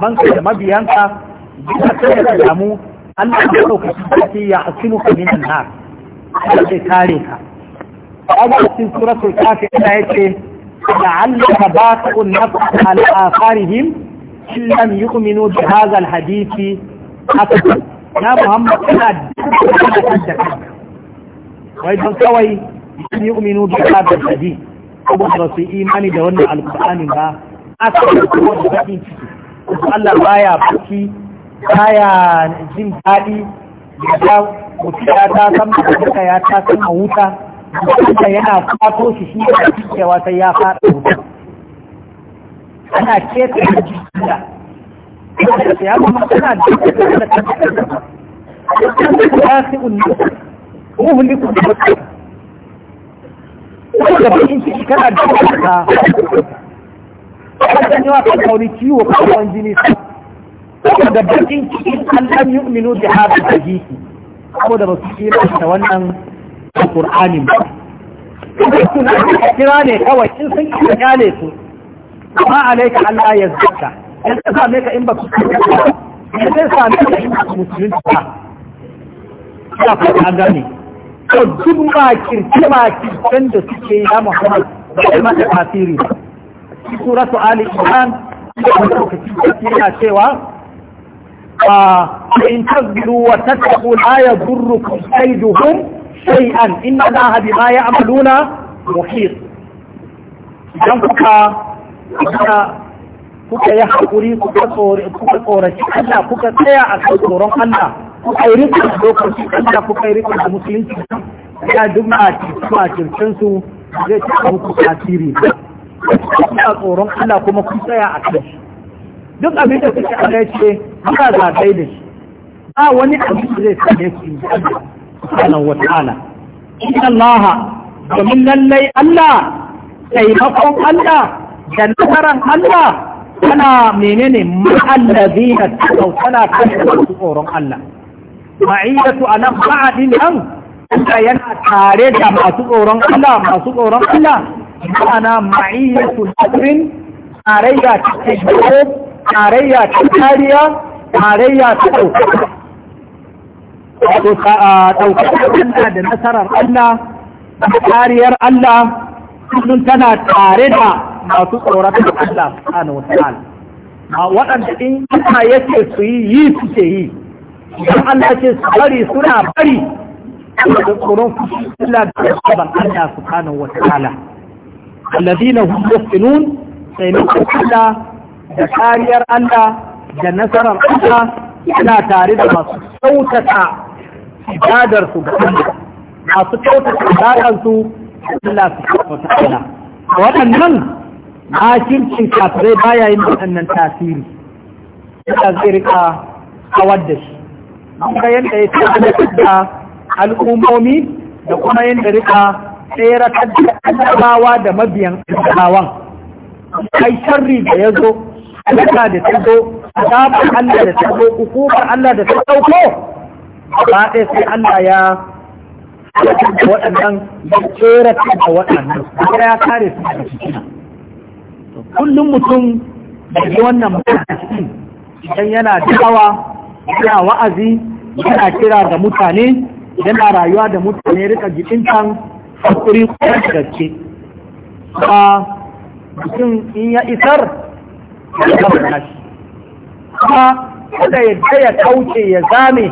banka da mabiyanka duka kai da damu Allah ya ɗauka sarki ya asinu ka minan nar Allah kare ka Allah cikin suratul kafir ina yace la'allaka ba'un nafsa ala akharihim in lam yu'minu bi hadha al na asalan ya muhammad kana da kanka wai don kawai lam yu'minu bi hadha al-hadisi ko ba su imani da wannan alqur'ani ba asalan ko da bakin ciki Allah baya fuki baya jin daɗi da mutum ya ta san ya ta san wuta mutunta yana fato shi shi da cewa sai ya fara wuta ana keta da jikinta da ya kuma tana jikinta da da ya fi unni muhulli ku da kuma da bakin ciki kana jikinta ka kan yawa kan kauri ciwo kan jini kuma da bakin ciki an lam da bi da hadisi kuma da su kira da wannan alqur'ani ba kuma kuna kira ne kawai in sun kira ne su ma alaika Allah ya zaka in ka same ka in ba ku in sai same ka in ba ku musulunci ba ya fara gane to duk ma kirki ma kirkin da suke ya Muhammad ba ai ma da tasiri ba suratu ali imran yana cewa فإن تصبروا وتتقوا لا يضركم كيدهم inna إن الله amaluna يعملون محيط. kuka kuka kuka yi haƙuri kuka tsoraci Allah kuka tsaya a kan tsoron Allah kuka yi rikon lokaci Allah kuka yi rikon da musulunci ya duk makircin su zai taɓa muku tasiri ba kuka tsoron Allah kuma kun tsaya a kan shi duk abin da suke Allah ya ce ba kai da shi ba wani abin da zai same su in ji Allah subhanahu wa ta'ala inna Allah domin lallai Allah taimakon Allah da nasarar Allah tana menene na taqaw tana masu tsoron Allah a nan ba'adin nan inda yana tare da masu tsoron Allah masu tsoron Allah ma'ana ma'iyatu ladrin tarayya ta tsaro tarayya ta kariya tarayya ta ɗaukaka wato ɗaukaka da nasarar Allah kariyar Allah kullum tana tare da masu tsoron Allah subhanahu wataala ma waɗanda in Allah yake su yi yi suke yi idan Allah ce su bari suna bari da tsoron Allah da sabon Allah subhanahu wataala alladhina hum muhsinun sai ne Allah da kariyar Allah da nasarar Allah yana tare da masu kyautata ibadarsu ga Allah masu kyautata ibadarsu Allah subhanahu wataala waɗannan makircin kafirai baya yin waɗannan tasiri yana zai rika kawar da shi kuma yadda ya tabbatar da al'ummomi da kuma yadda rika tseratar da annabawa da mabiyan annabawan kai sharri da ya zo halaka da ta zo azabar Allah da ta zo hukumar Allah da ta ɗauko ba ɗaya sai Allah ya waɗannan ya tsere da waɗannan ya kare su da cikin kullum mutum daga wannan matakin idan yana dawa yana wa'azi yana kira da mutane yana rayuwa da mutane rika jikin kan hakuri kuma da gaske ba mutum in ya isar ya da shi kuma kada yadda ya kauce ya zame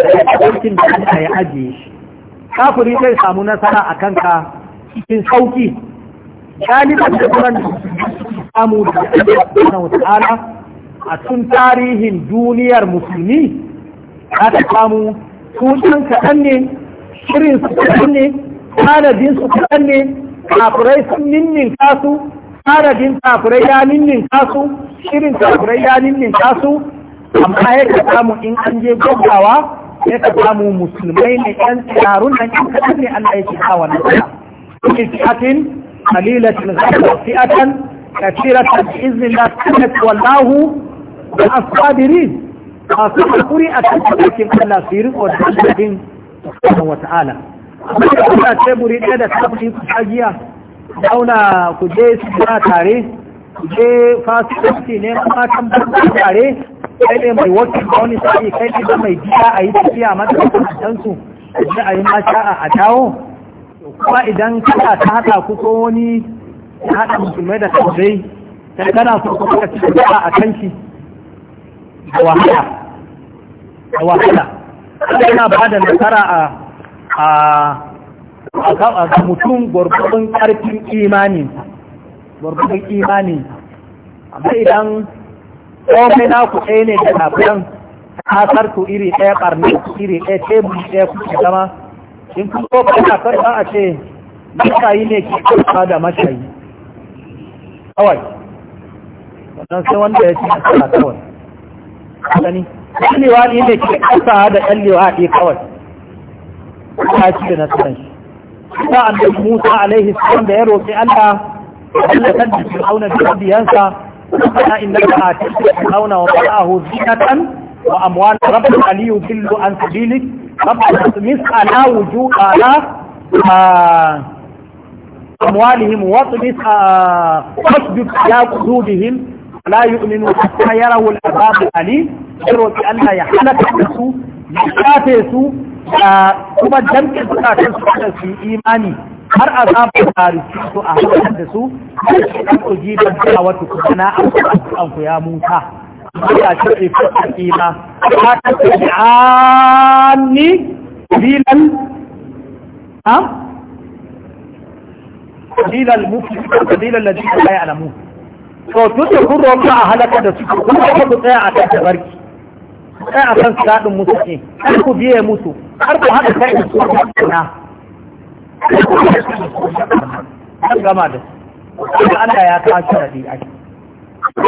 da abokin da ya ajiye shi kafuri zai samu nasara a kanka cikin sauki galiban da kuran samu da Allah wa wata'ala a tun tarihin duniyar musulmi za ta samu tutun kaɗan ne shirin su kaɗan ne tanadin su kaɗan ne kafirai sun ninnin kasu tanadin kafirai ya ninnin kasu shirin kafirai ya ninnin kasu amma ya ka samu in an je gaggawa, ya ka samu musulmai ne ɗan tsarun nan yan kaɗan ne Allah ya ce kawo na fi'atin qalilatin ghadwa fi'atan كثيرة بإذن الله سنت والله الصابرين masu hakuri a kan cikin Allah su yi riko da Allah subhanahu wa ta'ala amma da kuna teburi ɗaya da tafi ku tagiya auna ku je su jira tare ku je fasikanci ne matan banza tare kai ne mai wakil da wani sa'i kai ne mai biya a yi tafiya matsakaicin su da a yi masha'a a dawo kuma idan kada ta haɗa ku ko wani ya haɗa musulmai da tausayi sai kana so ka kuka cikin a kanki da wahala da wahala sai yana ba da nasara a a ga mutum gwargwadon ƙarfin imani, gwargwadon imani. amma idan komai na ku ɗaya ne da lafiyan kasar ku iri ɗaya ɓarni ku iri ɗaya tebur ɗaya ku ke zama in kun ko ba a a ce mashayi ne ke karɓa da mashayi kawai wannan sai wanda ya ci nasara kawai gani ɗan liwaɗi ne ke ƙasa da ɗan liwaɗi kawai ta ci da nasarar shi ta annabi musa alaihi salam da ya roƙi allah Allah kan da fir'auna da mabiyansa ana inna ka atiku fir'auna wa mala'ahu zinatan wa amwan rabbul aliyu billu an sabilik rabbul mis'ala wujuhana أموالهم واطبس فاسجد على قلوبهم لا يؤمنوا حتى يروا العذاب الأليم يروا بأن يحلك النسو يشافسوا kuma jamke zukatan su da su imani har a zafin tarihi su a hankali da su an ku ji da kuma wata kuma an ku ya muta ya ce a ni kabilan mufi kabilan ladin da ya alamu to tun da kun a halaka da su kun ba ku tsaya a kan tabarki tsaya a kan sadin musu ne kar ku biye musu kar ku haɗa kai da su na an gama da su Allah ya kawo sharadi a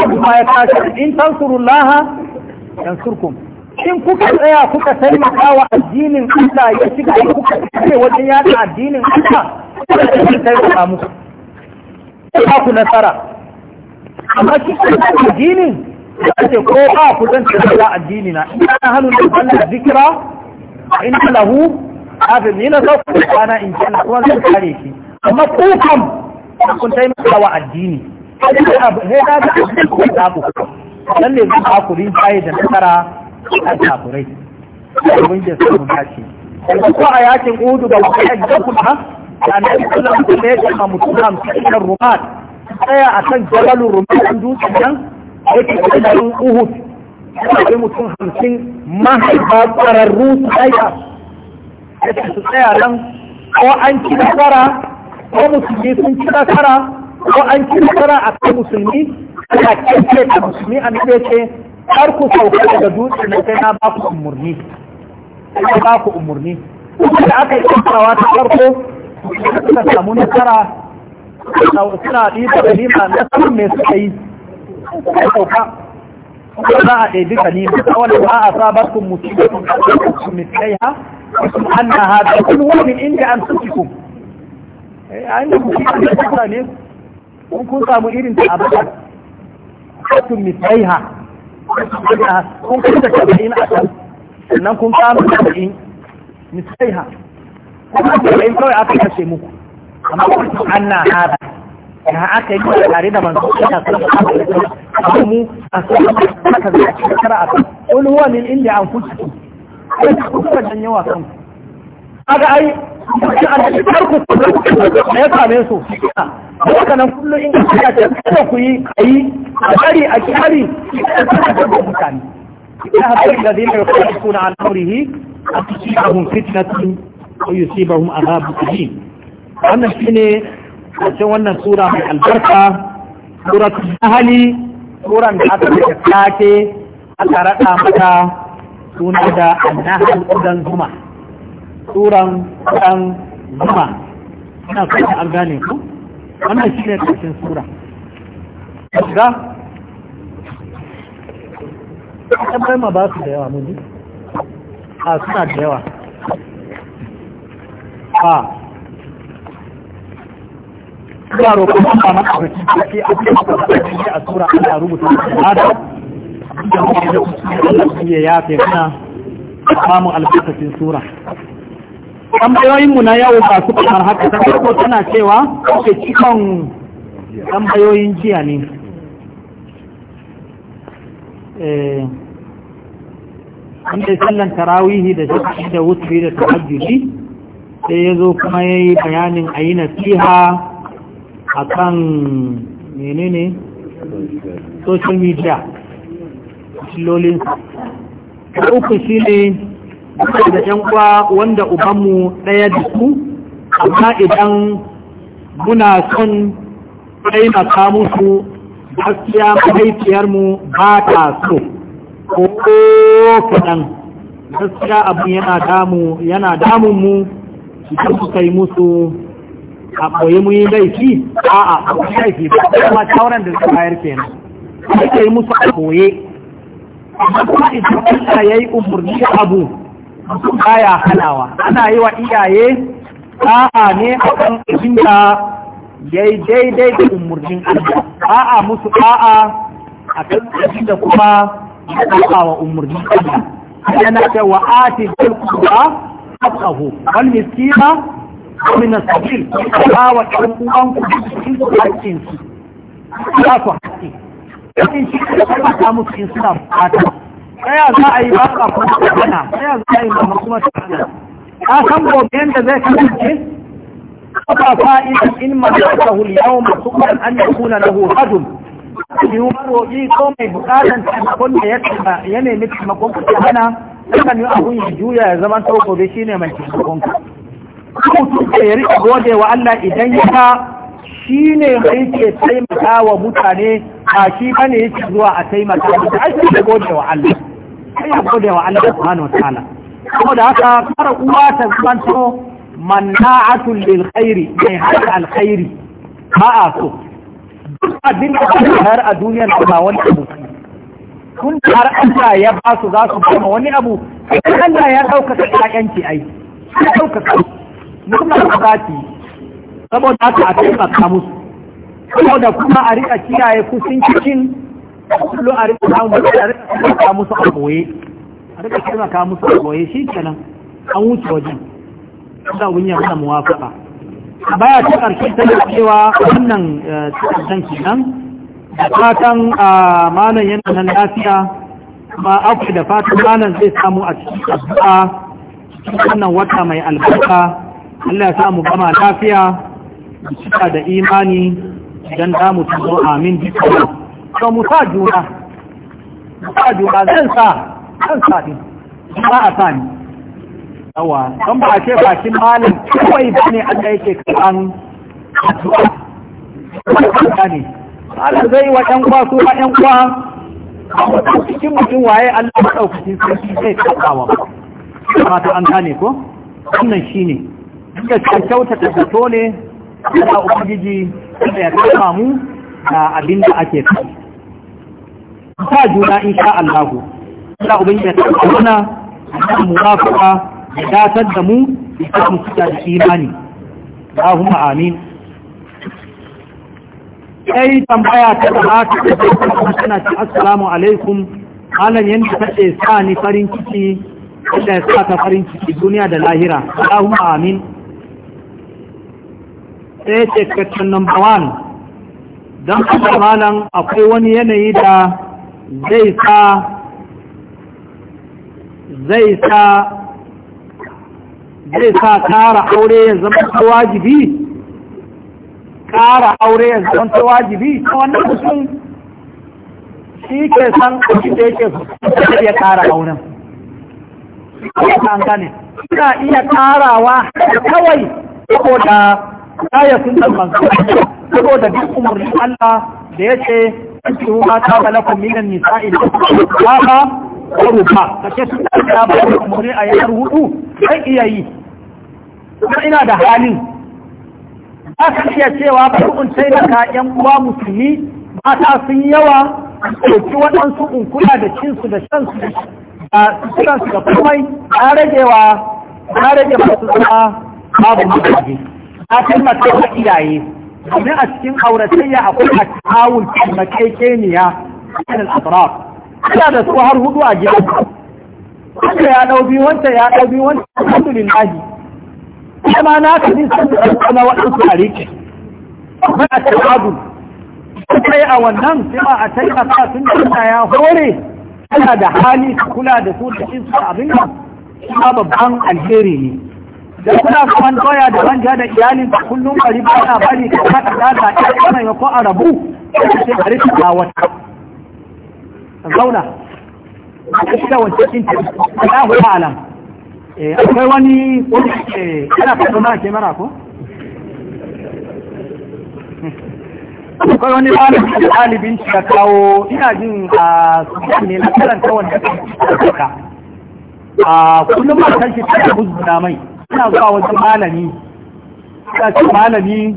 kuma ya kawo sharadi in tansurullaha yansurkum in kuka tsaya kuka taimaka wa addinin Allah ya shiga in kuka tsaye wajen yada addinin Allah kuka tsaye taimaka musu ba ku nasara amma kika da addinin ce ko ba ku zan tafi da addini na in ana hannun da Allah zikira ina lahu abin ni na sauku da kwana in ji Allah kuma zan kare shi amma ku kam kun taimaka wa addini sai da abu sai da abu ku zaɓu lalle zan ba ku rin da nasara a kafirai domin ya samu dace yanzu ko a yakin udu da wata yadda kuma da na yi kula mutum da ya kama mutum hamsin kan rumat tsaya a kan jabalin rumat an dutsen nan yake kudarin uhud yana kai mutum hamsin mahaifa ƙwararru su tsaya yake su tsaya nan ko an ci nasara ko musulmi sun ci nasara ko an ci nasara a kan musulmi ana kyance da musulmi a nabe ce har ku sauka daga dutse da sai na ba ku umarni sai ba ku umarni da aka yi kasawa ta farko suka samu nasara suna ɗiba da nima samun mai suka yi suka sauka kuma za a ɗaiɗi ka nima A da ba a sabar kun mutu da kun kasance mitai ha wasu an na ha da kun wani inda an suke ku eh, a inda ku shi ne kun samu irin ta abu kun mitai ha kun kai a can sannan kun kama saba'in misali ha kuma saba'in kawai aka kashe muku amma kun an na hada da aka yi da tare da manzo ta sallallahu alaihi wasallam Kuma mu a sallallahu aka zai shekara akan qul indi anfusikum kai ku kuma dan yawa kanku kaga ai da ya same su haka nan kullum in ka ce kada ku yi ayi a bari a kari da mutane ya haɗu da zai mai kwanci suna al'amurihi a cikin abun fitnatin ko yusibahum azabu alim wannan shine cikin wannan sura mai albarka suratul ahli suran da aka take take aka rada mata suna da annahal udan zuma turan ɗan zuma ina kai an gane ku wannan shi ne ƙarshen sura ga tabbai ma ba su da yawa muni a suna da yawa a ina roƙon ba na ƙarfi ba a yi a tura ana rubuta al'ada da kuma da ya yafe kana samun albarkacin sura tambayoyinmu na yau ba su kamar haka ta farko tana cewa ke cikon tambayoyin jiya ne inda eh, sallan tarawihi da shi da wutsi da tahajjudi sai ya zo kuma ya yi bayanin a yi nasiha a kan menene social media uku shi ne da ‘yan kwa wanda ubanmu ɗaya da su, amma idan muna son taimaka musu gaskiya mahaifiyarmu ba ta so, ko kaɗan gaskiya abin yana damu yana damunmu ta suka yi musu a ɓoye mu yi laifi a a ɓoye laifi ba kuma tauran da suka bayar nan Suka yi musu a ɓoye, amma kuma idan Allah ya yi umarni abu baya halawa ana yi wa iyaye a'a ne akan abin da yi daidai da umurnin Allah a'a musu a'a akan abin da kuma ya saba wa umurnin Allah yana ce wa ati dal qurba haqqahu wal miskina min as-sabil a wa dan uwan ku cikin hakkin su ya ku hakki in shi kuma musu in suna bukata tsaya za a yi ba a kuma ta hana za a yi ba kuma ta san gobe yadda zai kasance kafa fa'idan in masakahu al-yawm suqan an yakuna lahu hadum biyu maroƙi ko mai buƙatan taimakon da ya tsaba ya nemi taimakon ku ta hana sannan yi abun ya juya ya zama ta gobe shine mai taimakon ku tuka ya rika gode wa Allah idan ya ta. shi ne mai ke taimaka wa mutane ba shi ba ne yake zuwa a taimaka a shi da gode wa Allah sai ya gode wa Allah subhanahu wa ta'ala saboda haka kar uwa ta zanto manna'atul lil khairi mai hada alkhairi ba a so duk abin da ake har a duniyar ba wani abu kun har Allah ya ba su za su kuma wani abu sai Allah ya dauka ta kayanci ai ya dauka ka mutum da ba saboda aka a taimaka musu saboda kuma a rika kiyaye kusin cikin kullu a rika samun a taimaka musu a goye a rika taimaka musu a goye shi kenan an wuce wajen da mu yamma muwafaka a baya ta ƙarshe ta cewa wannan eh, tsarkan kenan da fatan a ah, manan yana nan lafiya ba akwai da fatan manan zai samu a cikin addu'a wannan wata mai albarka Allah ya samu gama lafiya cika da imani idan da mu zo amin ba. to mu sa juna mu sa juna zan sa zan sa din ba a sa ni yawa don ba a ce bakin malin kawai ba ne Allah yake karan addu'a ba ne Allah zai yi wa ɗan kwa su ma ɗan kwa a cikin mutum waye Allah ya ɗaukaki sarki zai kasawa ba ta an gane ko wannan shine da kyautata zato ne Allah ubangiji ya kama mu da abin da ake kai ta juna insha Allah Allah ubangiji ya kama mana mu muwafaqa ya datar da mu da mu cika da imani Allahumma amin sai tambaya ta da ta kuma tana ce assalamu alaikum halan yanda tace sa ni farin ciki Allah ya sa ta farin ciki duniya da lahira Allahumma amin sai ce question number one don haka malam akwai wani yanayi da zai sa zai sa zai sa kara aure ya zama ta wajibi kara aure ya zama ta wajibi ta wannan kusur shi ke san kusur da yake kusur ya kara auren ya kan gane suna iya karawa kawai saboda ya sunan manzo saboda duk umarnin Allah da yace ku ma ta balakum minan nisa'i ba ko rufa kace su ta ba umarni a yar hudu sai iya yi kuma ina da halin aka iya cewa bari in sai da yan uwa musulmi mata sun yawa ɗauki waɗansu unkula da cinsu da su a suturansu da komai na ragewa na rage masu zama babu mutane ta taimaka wa iyaye domin a cikin auratayya akwai a tawul taimakekeniya kan al'adrar ana da su har hudu a gidan wanda ya ɗau biyu wanda ya ɗau biyu wanda alhamdulillah kuma na kaji ji sun da ɗaukana waɗansu a rike akwai a tawadu sai a wannan sai a taimaka sun da ya hore ana da hali su kula da su da su abin nan babban alheri ne da kuna kaman doya da manja da iyalin ka kullum bari ba na bari ka kada da ta ta kana ya ko arabu sai ka rika ba wata zauna ka shiga wancan din ta hu alam eh akwai wani wani ke eh, kana fata ma ke mara ko akwai wani ɗalibin da ɗalibin shi ya kawo ina jin a ah, sudan ne na karanta wanda ka ah, a kullum ma kan shi ta buzuna mai suna zuwa wajen malami suna ce malami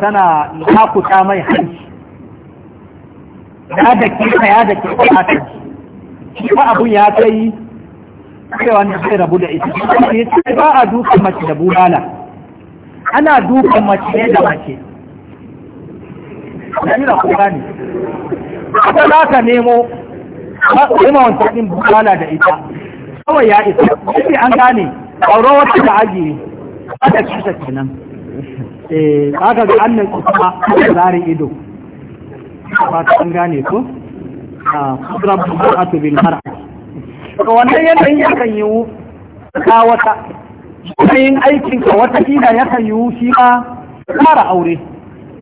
tana hakuta mai hanci ya da ke ya da kisa ta shi ba abun ya kai cewa ne zai rabu da ita ya ba a dukan mace da bulala ana dukan mace ne da mace da yi kuka ne Ba za ka nemo ba a yi ma din bulala da ita kawai ya isa shi an gane auro wata da aji aka kisa kenan eh aka ga annan kuma da zarin ido ba ta an gane ko ah, a kudra bu'atu bil mar'a to wannan yanayin yakan yi ka wata yin aikin ka wata kila yakan yi shi ba kara aure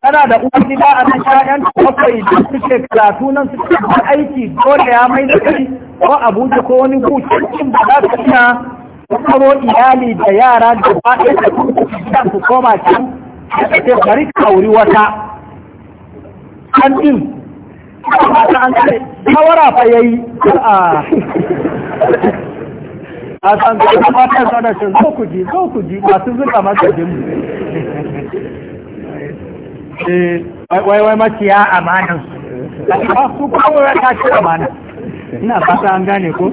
tana da uwar gida a nan ƴaƴan bakwai da suke karatu nan suke da aiki dole ya mai da kai ko abuja ko wani hukuncin ba za su iya karo iyali da yara da ba ɗaya da kuma su koma can sai bari ka auri wata an din an kare shawara fa yayi a a san ka fata sana shi zo ku ji zo ku ji masu zuka masa dimbu Eh, wai wai maciya amanan su kawo ya tashi amana ina fata an gane ko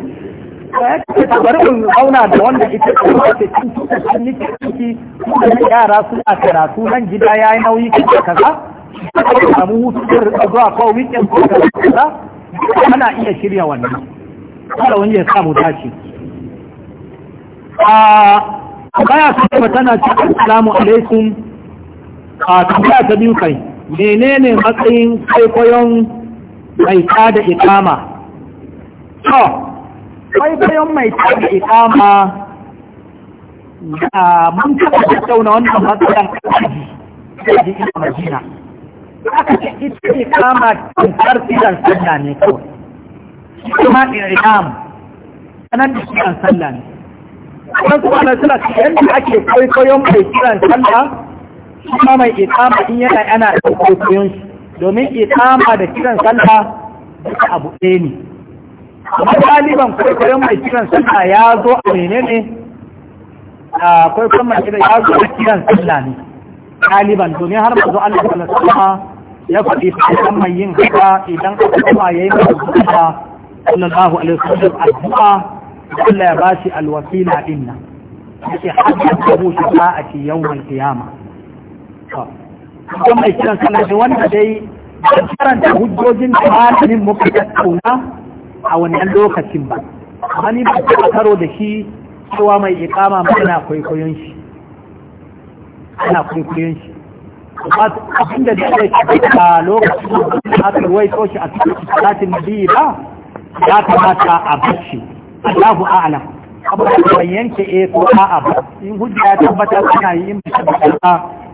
eh, bari mu auna da wanda ita ce cikin tukan nike ciki da yara a karatu nan gida ya yi nauyi kaza kaza samu hutun zuwa ko weekend ko kaza ana iya shirya wannan kada wani ya samu dace a ah, baya su tana cikin salamu alaikum a tafiya ta biyu kai menene matsayin kwaikwayon mai ta tada ikama to kwaikwayon mai ta da ikama da mun taɓa tattauna wannan matsayin kaji kaji ina majina aka ce ita ikama tamkar filan sallah ne kawai kuma ikama sanar da filan sallah ne wannan kuma na suna yadda ake kwaikwayon mai filan sallah kuma mai ikama in yana yana da kokoyon shi domin ikama da kiran salla duka abu ɗaya ne amma ɗaliban kwaikwayon mai kiran salla ya zo a menene a kwaikwayon mai kiran ya zo a kiran salla ne ɗaliban domin har mazo Allah sallallahu alaihi ya faɗi mai yin haka idan aka kuma ya yi mai zuwa sallallahu alaihi wasallam addu'a Allah ya bashi alwasila inna yake hajjar da bushe ba a ce yawon kiyama don mai kiran sallah ne wanda dai ba karanta hujjojin da malamin muka tattauna a wannan lokacin ba wani ni ba ta karo da shi cewa mai ikama mana kwaikwayon shi ana kwaikwayon shi abin da zai ke a lokacin da aka ruwaito shi a cikin na biyu ba ya kamata a bacci Allahu a'lam amma ban yanke eh ko a'a ba in hujja ya tabbata suna yi in ba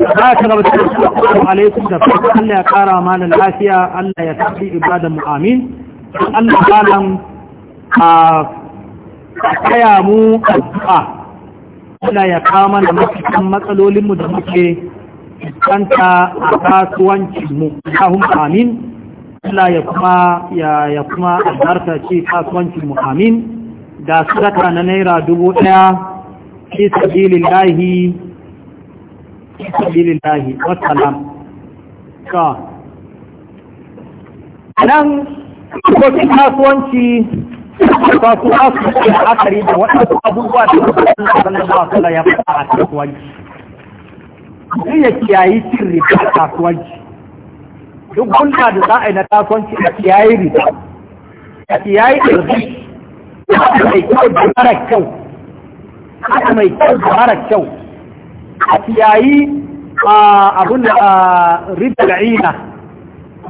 za ta gaba da assalamu alaikum da farko Allah ya kara mana lafiya Allah ya tafi ibadan mu amin Allah malam a kaya mu addu'a Allah ya kawo mana matakan matsalolin mu da muke kanta a kasuwancin mu Allahum amin Allah ya kuma ya kuma albarka ce kasuwancin mu amin da sadaka na naira dubu ɗaya fi sabilillahi في سبيل الله والسلام ka nan kokin kasuwanci kasuwa su ke la'akari da waɗansu abubuwa da kusurin da zanen da ya a kasuwanci cin riba a kasuwanci duk gulma da za a yi na kasuwanci a kiyaye riba a kiyayi irbi mai kyau da mara kyau mai kyau da mara kyau a kiyayi abun da ridal'ina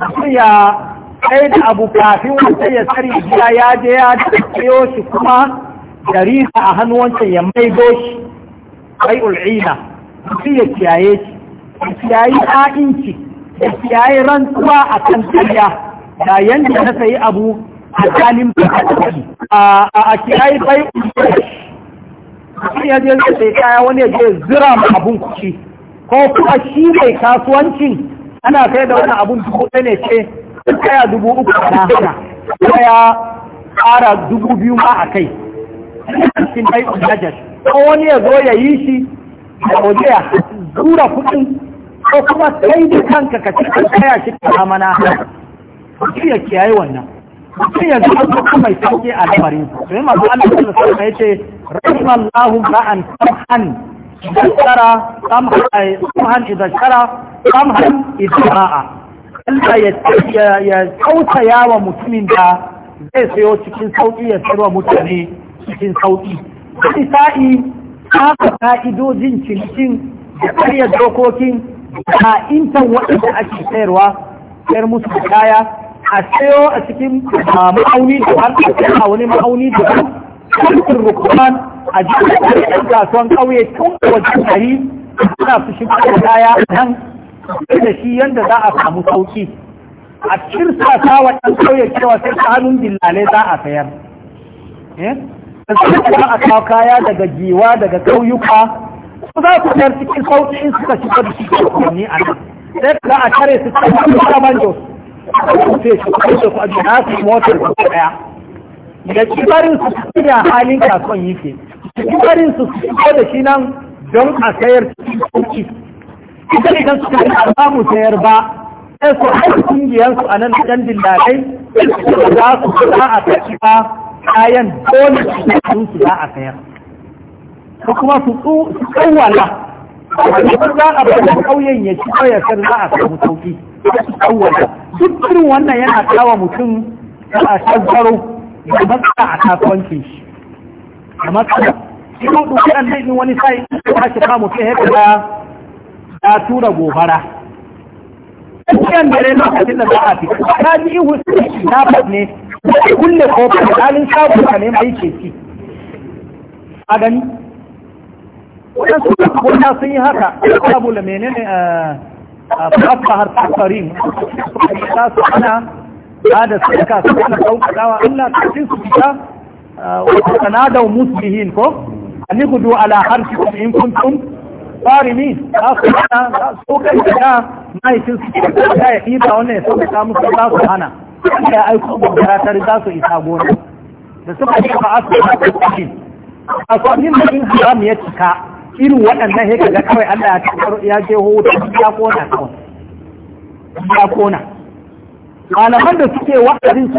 mutum ya sai da abu kafin wata ya tsari gida ya je ya tsayo shi kuma da rita a hannu wancan ya maido shi bai ul'ina mutum ya kiyaye shi ya kiyayi ha'inci ya kiyaye rantsuwa a kan tsariya da yanda na sayi abu a kalin a kiyayi bai ul'ina mutum ya je zai sai kaya wani ya je zira ma abun kuci ko kuma shi mai kasuwancin ana kai da wani abun dubu ɗaya ne ce kaya dubu uku na hana kaya ƙara dubu biyu ma a kai cikin kai ujajar ko wani ya zo ya yi shi da waje zura kuɗin ko kuma kai da kanka ka cikin kaya shi ta mana shi ya kiyaye wannan mutum yanzu zama kuma mai sauƙi a lamarin su domin masu Allah sallallahu ya ce yace lahu ra'an samhan idan samhan idan eh, kara samhan idan ra'a Allah ya kauta yawa mutumin da zai sayo cikin sauƙi ya sayarwa mutane cikin sauƙi wani sa'i haka ka'idojin cikin da karyar dokokin da intan waɗanda ake sayarwa sayar musu da kaya a sayo a cikin ma'auni da an a wani ma'auni da an cikin rukunan a jikin gasuwar kauye tun wajen ɗari, suna su shiga da kaya nan da shi yadda za a samu sauki a sa ta wajen kauye cewa sai kanun dillalai za a sayar eh? za a kawo kaya daga jiwa daga kauyuka su za su sayar cikin sauki in suka shiga da shi a nan sai za a tare su cikin kamar jos sai shi kai da a su motar ku daya da kibarin su su da halin kasuwan yake kibarin su da shi nan don a sayar cikin sayar ba sai su haɗa kungiyarsu a nan ɗan dillalai za su za a tafi ba kayan dole su za a sayar ko kuma su tsawala kuma za a bada kauyen ya ci ya san za a samu sauki awwala duk irin wannan yana kawo mutum a tazaro da matsala a kasuwancin shi da matsala shi ma duk an dai wani sai ya shi kamu sai haka da ya tura gobara kiyan dare lokacin da za a fita ta ji ihu sai na ne kulle kofar halin shago ka ne mai ke ci a gani waɗansu wata sun yi haka abu da menene a eh, fasahar eh, fasarin ta su ana ba da sadaka su ana ɗaukakawa Allah ta cin su fita eh, wata sanadau musbihin ko a ni hudu ala harfi kuma in kuntum farimi za su ana za su kai da ta mahaifin su ke ta ya ɗiba wannan ya sauka musu za su ana ya aiko gobaratar za su isa gona da suka yi ba a su ba su cikin a kwanin da in haram ya cika irin waɗannan sai kaga kawai Allah ya je hoto ya kona kawai ya kona malaman da suke wa'azin su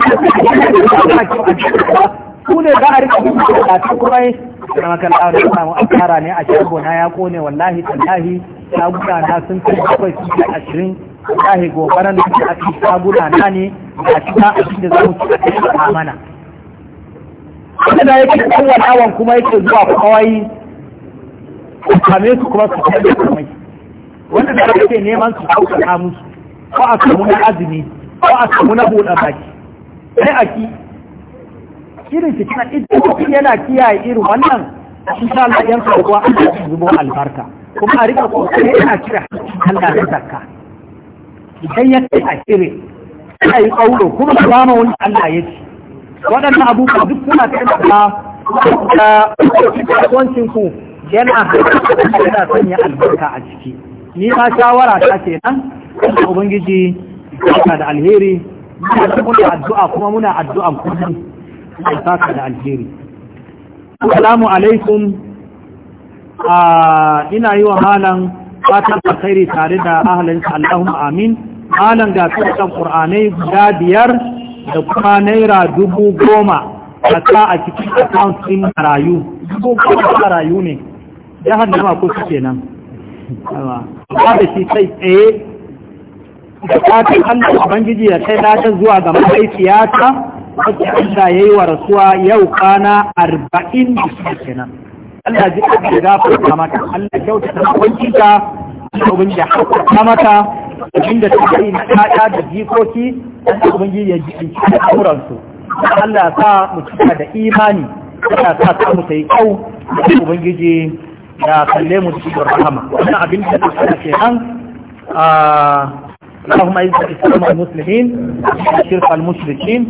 su ne za a rika da ta kuma da makalla da samu asara ne a shago na ya kone wallahi tallahi shaguna na sun kai bakwai su ashirin wallahi gobaran da suke a cikin shaguna na ne a cikin abin da za mu ci a cikin amana. Wanda da yake kowane awon kuma yake zuwa kawai kame su kuma su kai kamai wanda da kake neman su sauƙaƙa musu ko a samu na azumi ko a samu na buɗa baki sai a ki irin fitina idan kuɗi yana kiyaye irin wannan sa Allah yan sarkuwa an ta zubo albarka kuma a rika kokari yana kira Allah da zakka idan ya kai a kire sai yi kauro kuma ba ma wani Allah ya ci waɗannan abubuwa duk suna taimaka da kasuwancin ku yana yana sanya albarka a ciki ni ma shawara ta ce nan ubangiji yana da alheri muna addu'a kuma muna addu'a kullum a saka da alheri assalamu alaikum ina yi wa halan fatan alkhairi tare da ahalin Allahumma amin halan ga kan qur'anai guda biyar da kuma naira dubu goma a cikin account din marayu dubu goma marayu ne jahannama ko suke nan ba da shi sai tsaye da fatan Allah Ubangiji ya kai ta zuwa ga mahaifiyata wacce Allah ya yi wa rasuwa yau kana arba'in da suke kenan Allah ji ka ga gafarta mata Allah kyauta ta kwanci ta Ubangiji ya haƙƙa mata abinda ta yi na da jikoki Allah Ubangiji ya ji ɗinci da auransu Allah ya sa mu cika da imani Allah ya sa ta mu ta yi kyau da Ubangiji ya kalle mu cikin rahama wannan abin da suka ce an اللهم اعز الاسلام والمسلمين الشرك المشركين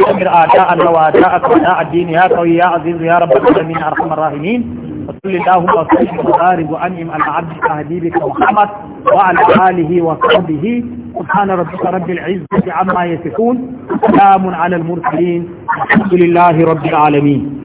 وامر اعداءنا واعداءك واعداء الدين يا قوي يا عزيز يا رب العالمين ارحم الراحمين وصل اللهم وسلم وبارك وانعم على عبدك حبيبك محمد وعلى اله وصحبه سبحان ربك رب العزه عما يصفون سلام على المرسلين الحمد لله رب العالمين